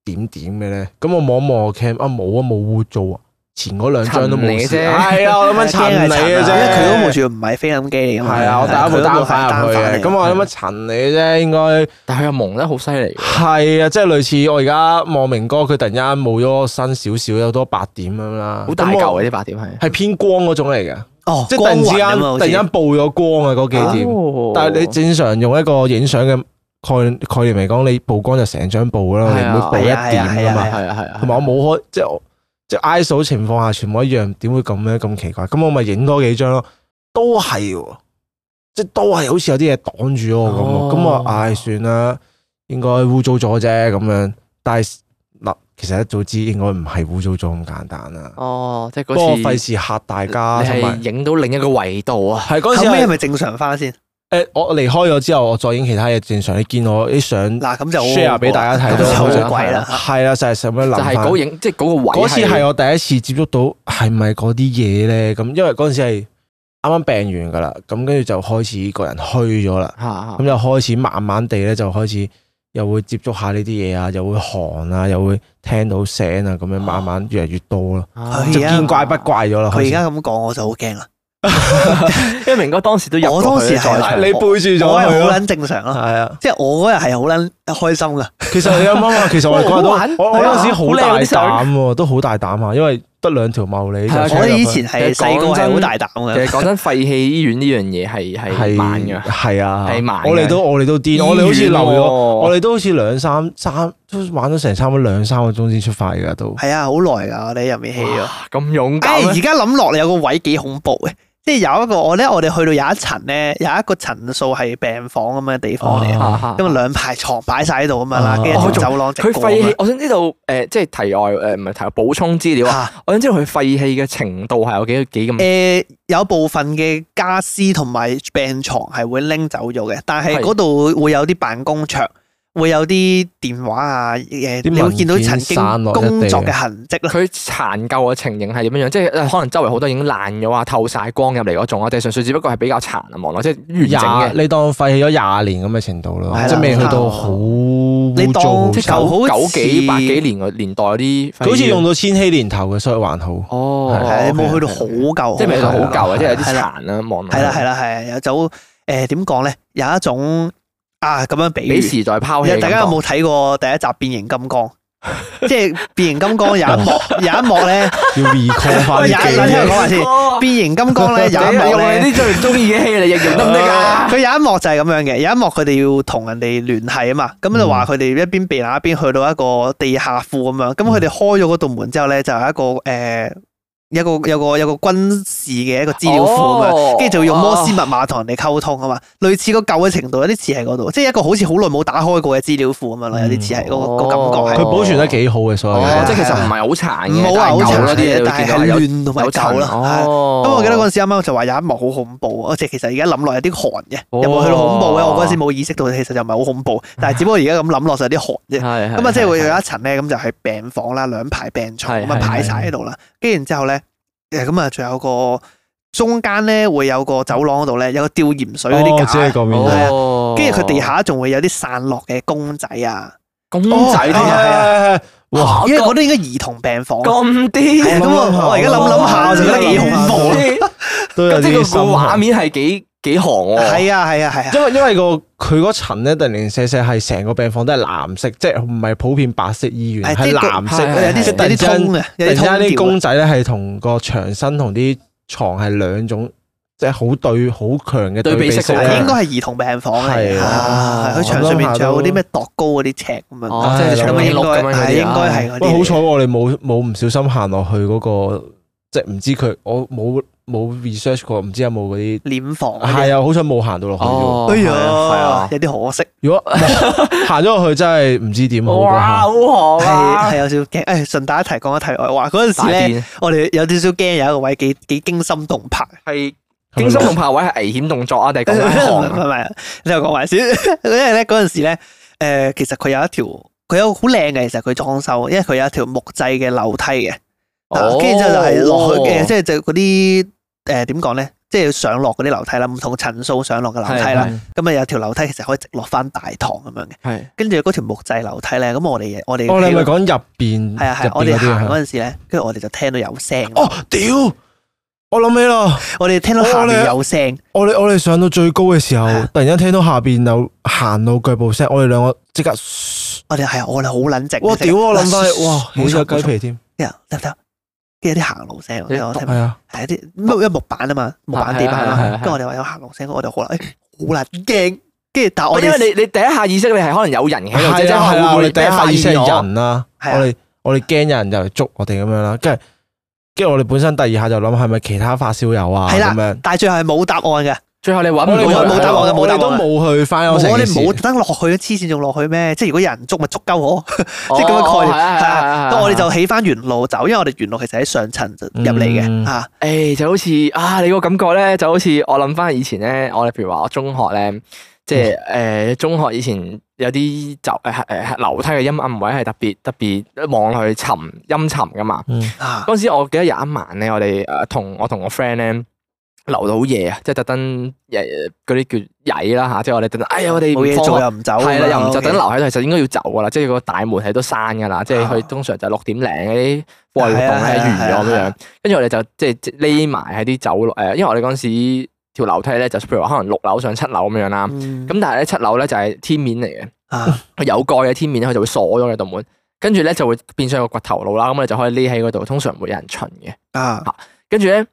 點點嘅咧？咁我望一望我 cam 啊冇啊，冇污糟啊。前嗰兩張都冇，係啊，我諗緊襯你嘅啫，佢都冇住唔係飛行機嚟噶嘛，係啊，我打部單反入去嘅，咁我諗緊襯你啫，應該，但係佢又蒙得好犀利，係啊，即係類似我而家望明哥，佢突然間冇咗身少少，有多白點咁啦，好大嚿嘅啲白點係，係偏光嗰種嚟嘅，哦，即係突然之間突然間曝咗光啊，嗰幾點，但係你正常用一個影相嘅概概念嚟講，你曝光就成張曝啦，你唔會曝一點啊嘛，係啊係啊，同埋我冇開，即係即係 ISO 情況下全部一樣，點會咁樣咁奇怪？咁我咪影多幾張咯，都係，即係都係好似有啲嘢擋住我咁。咁、哦、我唉、哎、算啦，應該污糟咗啫咁樣。但係嗱，其實一早知應該唔係污糟咗咁簡單啦。哦，即係嗰次，幫我費事嚇大家，你係影到另一個維度啊？係嗰有時後屘係咪正常翻先？誒、欸，我離開咗之後，我再影其他嘢正常。你見我啲相，嗱咁就 share 俾大家睇都係啦，係啦，就係、嗯、了想咁樣諗係嗰影，即係嗰個位。嗰次係我第一次接觸到係咪嗰啲嘢咧？咁因為嗰陣時係啱啱病完噶啦，咁跟住就開始個人虛咗啦，咁、啊啊、又開始慢慢地咧就開始又會接觸下呢啲嘢啊，又會寒啊，又會聽到聲啊，咁樣慢慢越嚟越多咯。佢、啊啊、見怪不怪咗啦。佢而家咁講，我就好驚啦。因為明哥當時都入，我當時在場，你背住咗，我係好捻正常咯。係啊，即係我嗰日係好捻開心噶。其實你啱啱，其實我嗰日我我嗰陣時好大膽喎，都好大膽吓，因為得兩條茂利。我哋以前係細個真係好大膽嘅。其實講真，廢棄醫院呢樣嘢係係慢噶。係啊，係慢。我哋都我哋都癲，我哋好似留咗，我哋都好似兩三三都玩咗成差唔多兩三個鐘先出發噶都。係啊，好耐噶，我哋入面戲咯。咁勇敢。而家諗落嚟有個位幾恐怖嘅。即係有一個我咧，我哋去到有一層咧，有一個層數係病房咁嘅地方嚟，咁啊兩排床擺晒喺度咁樣啦，跟住、啊、走廊直過。哦、樣我想知道，誒、呃，即係題外，誒、呃，唔係題外，補充資料啊，我想知道佢廢棄嘅程度係有幾幾咁。誒、呃，有部分嘅家私同埋病床係會拎走咗嘅，但係嗰度會有啲辦公桌。會有啲電話啊，誒，你會見到曾經工作嘅痕跡。佢殘舊嘅情形係點樣樣？即係可能周圍好多已經爛咗啊，透晒光入嚟嗰種啊，定係純粹只不過係比較殘啊，望落即係完整嘅。你當廢棄咗廿年咁嘅程度咯，即未去到好。你當舊九幾、百幾年年代啲。佢好似用到千禧年頭嘅，所以還好。哦，冇去到好舊，即係未去到好舊，即係有啲殘啦，望落。係啦係啦係，有就誒點講咧？有一種。啊，咁樣比，時代拋棄？大家有冇睇過第一集《變形金剛》？即係《變形金剛》有一幕，有一幕咧，要 recall 翻。我哋先，變形金剛咧有一幕咧，啲最唔中意嘅戲嚟，變形金剛。佢有一幕就係咁樣嘅，有一幕佢哋要同人哋聯繫啊嘛。咁就話佢哋一邊避難一邊去到一個地下庫咁樣。咁佢哋開咗嗰道門之後咧，就一個誒。有個有個有個軍事嘅一個資料庫啊嘛，跟住就用摩斯密碼同人哋溝通啊嘛，類似嗰舊嘅程度，有啲似喺嗰度，即係一個好似好耐冇打開過嘅資料庫咁啊，有啲似係嗰個個感覺。佢保存得幾好嘅，所以即係其實唔係好殘嘅，但係有啲嘢，但係亂同埋有啦。咁我記得嗰陣時啱啱就話有一幕好恐怖，即係其實而家諗落有啲寒嘅，有冇去到恐怖咧？我嗰陣時冇意識到，其實就唔係好恐怖，但係只不過而家咁諗落就有啲寒啫。咁啊，即係會有一層咧，咁就係病房啦，兩排病床咁啊排晒喺度啦，跟住然之後咧。誒，咁啊，仲有個中間咧會有個走廊嗰度咧，有個吊鹽水嗰啲架，係啊，跟住佢地下仲會有啲散落嘅公仔啊，公仔啲啊，哇，因為嗰啲應該兒童病房咁癲，咁啊，我而家諗諗下就覺得幾恐怖，咁呢個畫面係幾。幾行喎？係啊，係啊，係啊！因為因為個佢嗰層咧，突然間瀉瀉係成個病房都係藍色，即係唔係普遍白色醫院係藍色，有啲有啲通嘅。突然間啲公仔咧係同個牆身同啲床係兩種，即係好對好強嘅對比色咧。應該係兒童病房係啊，佢牆上面仲有啲咩度高嗰啲尺咁樣，即係全部綠咁樣應該係嗰啲。好彩我哋冇冇唔小心行落去嗰個，即係唔知佢我冇。冇 research 過，唔知有冇嗰啲殮房。係啊，好彩冇行到落去。哎呀，係啊，有啲可惜。如果行咗落去，真係唔知點啊！哇，好寒。係係有少驚。誒，順帶一提，講一提外話，嗰陣時咧，我哋有少少驚，有一個位幾幾驚心動魄。係驚心動魄位係危險動作啊？定係講寒？唔係唔係，你又講埋先。因為咧嗰陣時咧，誒，其實佢有一條，佢有好靚嘅，其實佢裝修，因為佢有一條木製嘅樓梯嘅。跟住之就係落去嘅，即係就嗰啲。誒，點講咧？即係要上落嗰啲樓梯啦，唔同層數上落嘅樓梯啦。咁啊，有條樓梯其實可以直落翻大堂咁樣嘅。係。跟住嗰條木製樓梯咧，咁我哋我哋我哋，係咪講入邊？係啊係，我哋行嗰陣時咧，跟住我哋就聽到有聲。哦，屌！我諗起啦，我哋聽到下邊有聲。我哋我哋上到最高嘅時候，突然間聽到下邊有行路腳步聲，我哋兩個即刻，我哋係我哋好冷靜。我屌！諗起哇，起晒雞皮添。呀，得得。有啲行路聲，我聽，係一啲木因為木板啊嘛，木板地板啦。跟住我哋話有行路聲，我哋好啦，誒，好啦，驚。跟住但係我因為你你第一下意識你係可能有人喺度，即係我哋第一下意識係人啦，我哋我哋驚有人入嚟捉我哋咁樣啦。跟住跟住我哋本身第二下就諗係咪其他發燒友啊？咁樣，但係最後係冇答案嘅。最後你揾唔到，冇答，答我，就冇答都冇去翻，我哋冇登落去，黐線仲落去咩？即係如果有人捉咪足夠我，即係咁嘅概念，係、哦哦、係啊。咁我哋就起翻原路走，因為我哋原路其實喺上層入嚟嘅嚇。誒就好似啊，你個感覺咧就好似我諗翻以前咧，我哋譬如話我中學咧，即係誒中學以前有啲就誒、呃、誒樓梯嘅陰暗位係特別特別望落去沉陰沉噶嘛。嗰陣時我記得有一晚咧，我哋誒同我同我 friend 咧。留到好夜啊！即係特登，誒、呃，嗰啲叫曳啦吓，即係我哋特登，哎呀，我哋冇嘢做又唔走，係啦了，又唔 Okay. 就等留喺度，其實應該要走噶啦。即係個大門係都閂噶啦，oh. 即係佢通常就六點零嗰啲戶外活動咧完咗咁樣。跟住我哋就即係匿埋喺啲走落。誒、呃，因為我哋嗰時條樓梯咧就譬如話可能六樓上七樓咁樣啦。咁、mm. 但係咧七樓咧就係、是、天面嚟嘅，佢、oh. 有蓋嘅天面咧佢就會鎖咗嗰道門，跟住咧就會變上個掘頭路啦。咁我哋就可以匿喺嗰度，通常唔會有人巡嘅。啊、oh.，跟住咧。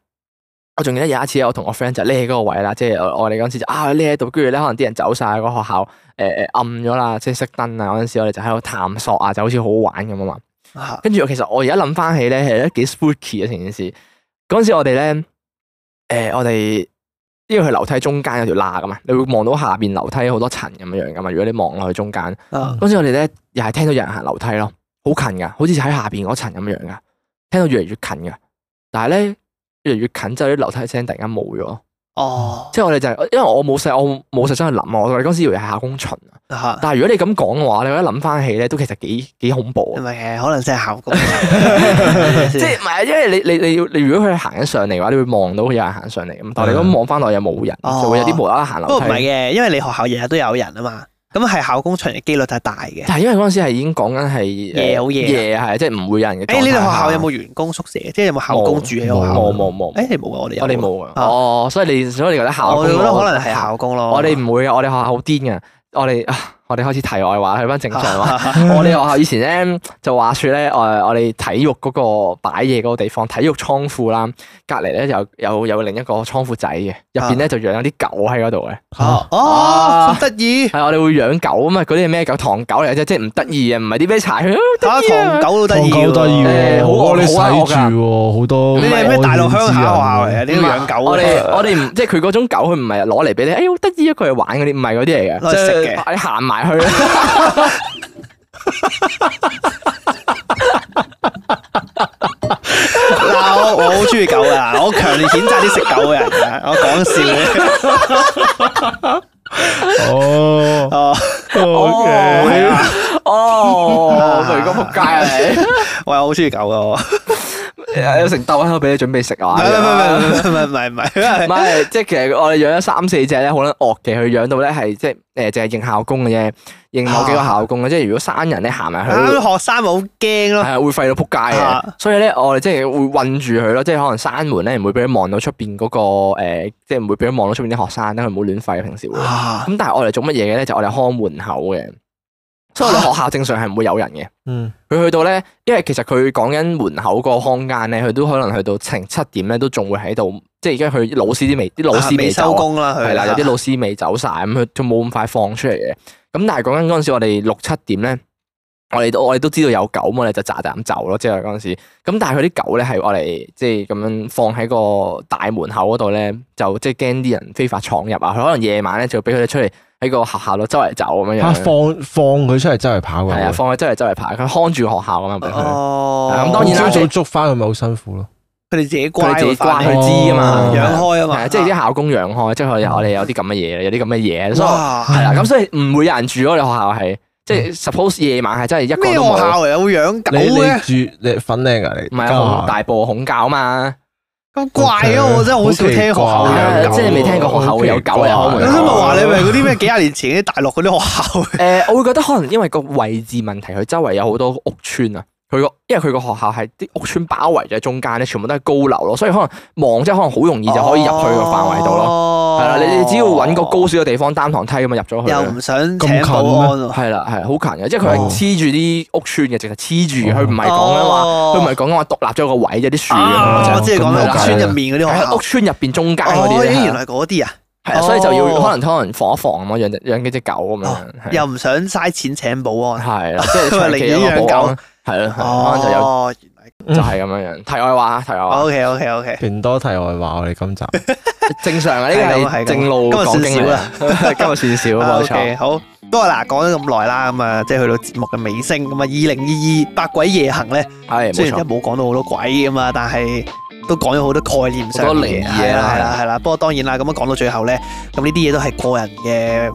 我仲記得有一次，我同我 friend 就匿喺嗰個位啦，即係我哋嗰陣時啊匿喺度，跟住咧可能啲人走晒，個學校誒、呃、暗咗啦，即係熄燈啊。嗰陣時我哋就喺度探索啊，就好似好好玩咁啊嘛。跟住其實我而家諗翻起咧，係咧幾 spooky 啊，成件事。嗰陣時我哋咧，誒、呃、我哋因為佢樓梯中間有條罅噶嘛，你會望到下邊樓梯好多層咁樣樣噶嘛。如果你望落去中間，嗰陣、啊、時我哋咧又係聽到有人行樓梯咯，好近噶，好似喺下邊嗰層咁樣樣噶，聽到越嚟越近噶，但係咧。越嚟越近，之後啲樓梯聲突然間冇咗。哦，oh. 即係我哋就係、是，因為我冇細，我冇細心去諗啊。我哋嗰時以為係校工巡、uh huh. 但係如果你咁講嘅話，你覺得諗翻起咧，都其實幾幾恐怖啊。唔係，可能真係校工。 即係唔係，因為你你你要，你如果佢行緊上嚟嘅話，你會望到有人行上嚟咁。但係你咁望翻落又冇人，uh huh. 就會有啲無啦啦行樓梯。都唔係嘅，因為你學校日日都有人啊嘛。咁係校工長嘅機率太大嘅，但係因為嗰陣時係已經講緊係夜好夜，係、yeah, oh yeah. 呃、即係唔會有人嘅。誒，你哋學校有冇員工宿舍？啊、即係有冇校工住喺學校？冇冇冇。誒、欸，你冇㗎，我哋我哋冇㗎。哦、啊，所以你所以你覺得校工？我覺得可能係校工咯。我哋唔會嘅，我哋學校好癲㗎，我哋啊。我哋開始題外話，去翻正常話。我哋學校以前咧就話說咧，誒我哋體育嗰個擺嘢嗰個地方，體育倉庫啦，隔離咧有有有另一個倉庫仔嘅，入邊咧就養咗啲狗喺嗰度嘅。哦，得意！係我哋會養狗啊嘛，嗰啲係咩狗？唐狗嚟嘅啫，即係唔得意啊，唔係啲咩柴犬。唐狗都得意，唐狗得意，好惡好住噶，好多。你係咩大陸鄉下學校嚟？你要養狗，我哋我哋唔即係佢嗰種狗，佢唔係攞嚟俾你。哎呀，得意啊！佢係玩嗰啲，唔係嗰啲嚟嘅，即係行埋。係啊，嗱，我好中意狗噶，我強烈譴責啲食狗嘅人啊！我講笑。哦哦哦，係啊！哦，突然間仆街啊！你，我好中意狗噶。我有成兜都俾你準備食啊！唔係唔係唔係唔係唔係，唔係即係其實我哋養咗三四隻咧，好撚惡嘅，佢養到咧係即係誒，淨、呃、係認校工嘅啫，認某幾個校工嘅。啊、即係如果生人咧行埋去，啱啲、啊、學生咪好驚咯，係啊，會吠到撲街啊。所以咧，我哋即係會韞住佢咯，即係可能閂門咧、那個，唔、呃、會俾佢望到出邊嗰個即係唔會俾佢望到出邊啲學生，等佢唔好亂吠。平時會咁，啊、但係我哋做乜嘢嘅咧？就我、是、哋看門口嘅。所以我哋學校正常係唔會有人嘅。嗯，佢去到咧，因為其實佢講緊門口個空間咧，佢都可能去到成七點咧，都仲會喺度，即係而家佢老師啲未，啲老師未收工啦。係啦，有啲老師未走晒咁，佢就冇咁快放出嚟嘅。咁但係講緊嗰陣時我，我哋六七點咧，我哋都我哋都知道有狗嘛，我哋就揸膽走咯，就是。即係嗰陣時，咁但係佢啲狗咧係我哋即係咁樣放喺個大門口嗰度咧，就即係驚啲人非法闖入啊。佢可能夜晚咧就俾佢哋出嚟。喺個學校度周圍走啊，咩樣？放放佢出嚟周圍跑噶？係啊，放佢周圍周圍跑，佢看住學校啊嘛。哦，咁當然啦。朝早捉翻佢咪好辛苦咯。佢哋自己乖，佢自己乖，佢知啊嘛，養開啊嘛。即係啲校工養開，即係我哋有啲咁嘅嘢，有啲咁嘅嘢。所以，係啊，咁所以唔會有人住我哋學校，係即係 suppose 夜晚係真係一個都冇。咩學校又會養狗咧？你你住你瞓嶺啊？你唔係大埔孔教啊嘛。咁怪啊，我真係好少聽學校嘅，即係未聽過學校會有狗入去。咁先唔係話你係嗰啲咩幾廿年前啲大陸嗰啲學校？誒、 嗯，我會覺得可能因為個位置問題，佢周圍有好多屋村啊。佢個，因為佢個學校係啲屋村包圍住中間咧，全部都係高樓咯，所以可能望即係可能好容易就可以入去個範圍度咯。係啦，你你只要搵個高少嘅地方單堂梯咁啊，入咗去又唔想請保安，係啦係，好近嘅，即係佢係黐住啲屋村嘅，直頭黐住佢唔係講緊話，佢唔係講緊話獨立咗個位啫，啲樹啊，即係屋村入面嗰啲，屋村入邊中間嗰啲咧。原來嗰啲啊，係啊，所以就要可能可能放一放咯，養隻養幾隻狗咁樣，又唔想嘥錢請保安，係啦，即係養狗。係咯，哦，原來就係咁樣樣。題外話啊，題外話。O K O K O K。全多題外話，我哋今集正常啊，呢個係正路，今日算少啦，今日算少啦，冇錯。好，都係嗱，講咗咁耐啦，咁啊，即係去到節目嘅尾聲，咁啊，二零二二百鬼夜行咧，雖然即係冇講到好多鬼咁嘛，但係都講咗好多概念上嘅嘢啦，係啦，係啦。不過當然啦，咁樣講到最後咧，咁呢啲嘢都係個人嘅。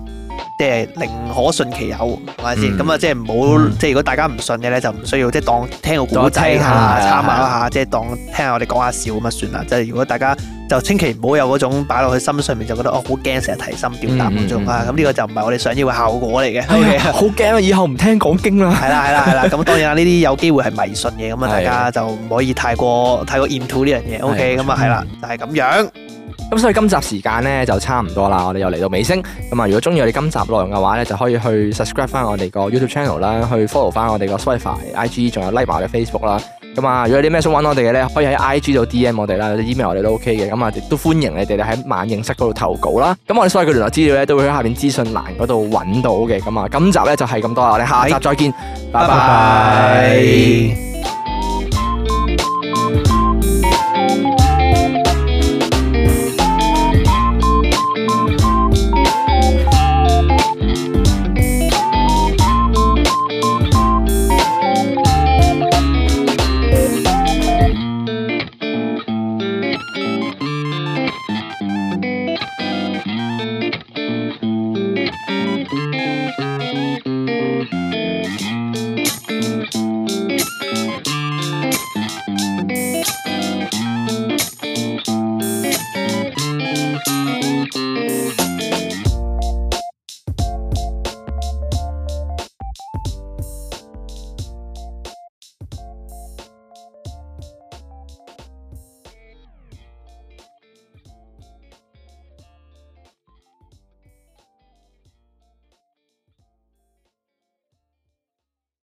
即係寧可信其有，係咪先？咁啊，即係唔好，即係如果大家唔信嘅咧，就唔需要即係當聽個古仔，下，參考下，即係當聽下我哋講下笑咁啊算啦。即係如果大家就千祈唔好有嗰種擺落去心上面就覺得哦好驚，成日提心吊膽嗰種啊。咁呢個就唔係我哋想要嘅效果嚟嘅。好驚啊！以後唔聽講經啦。係啦係啦係啦。咁當然啊，呢啲有機會係迷信嘅，咁啊大家就唔可以太過太過 into 呢樣嘢。OK 咁啊，係啦，就係咁樣。咁所以今集時間咧就差唔多啦，我哋又嚟到尾聲。咁啊，如果中意我哋今集內容嘅話咧，就可以去 subscribe 翻我哋個 YouTube channel 啦，去 follow 翻我哋個 Twitter、IG，仲有 like 埋我哋 Facebook 啦。咁啊，如果有啲咩想揾我哋嘅咧，可以喺 IG 度 DM 我哋啦，email 我哋都 OK 嘅。咁啊，亦都歡迎你哋喺晚影室嗰度投稿啦。咁我哋所有嘅聯絡資料咧，都會喺下面資訊欄嗰度揾到嘅。咁啊，今集咧就係咁多啦，我哋下集再見，拜拜。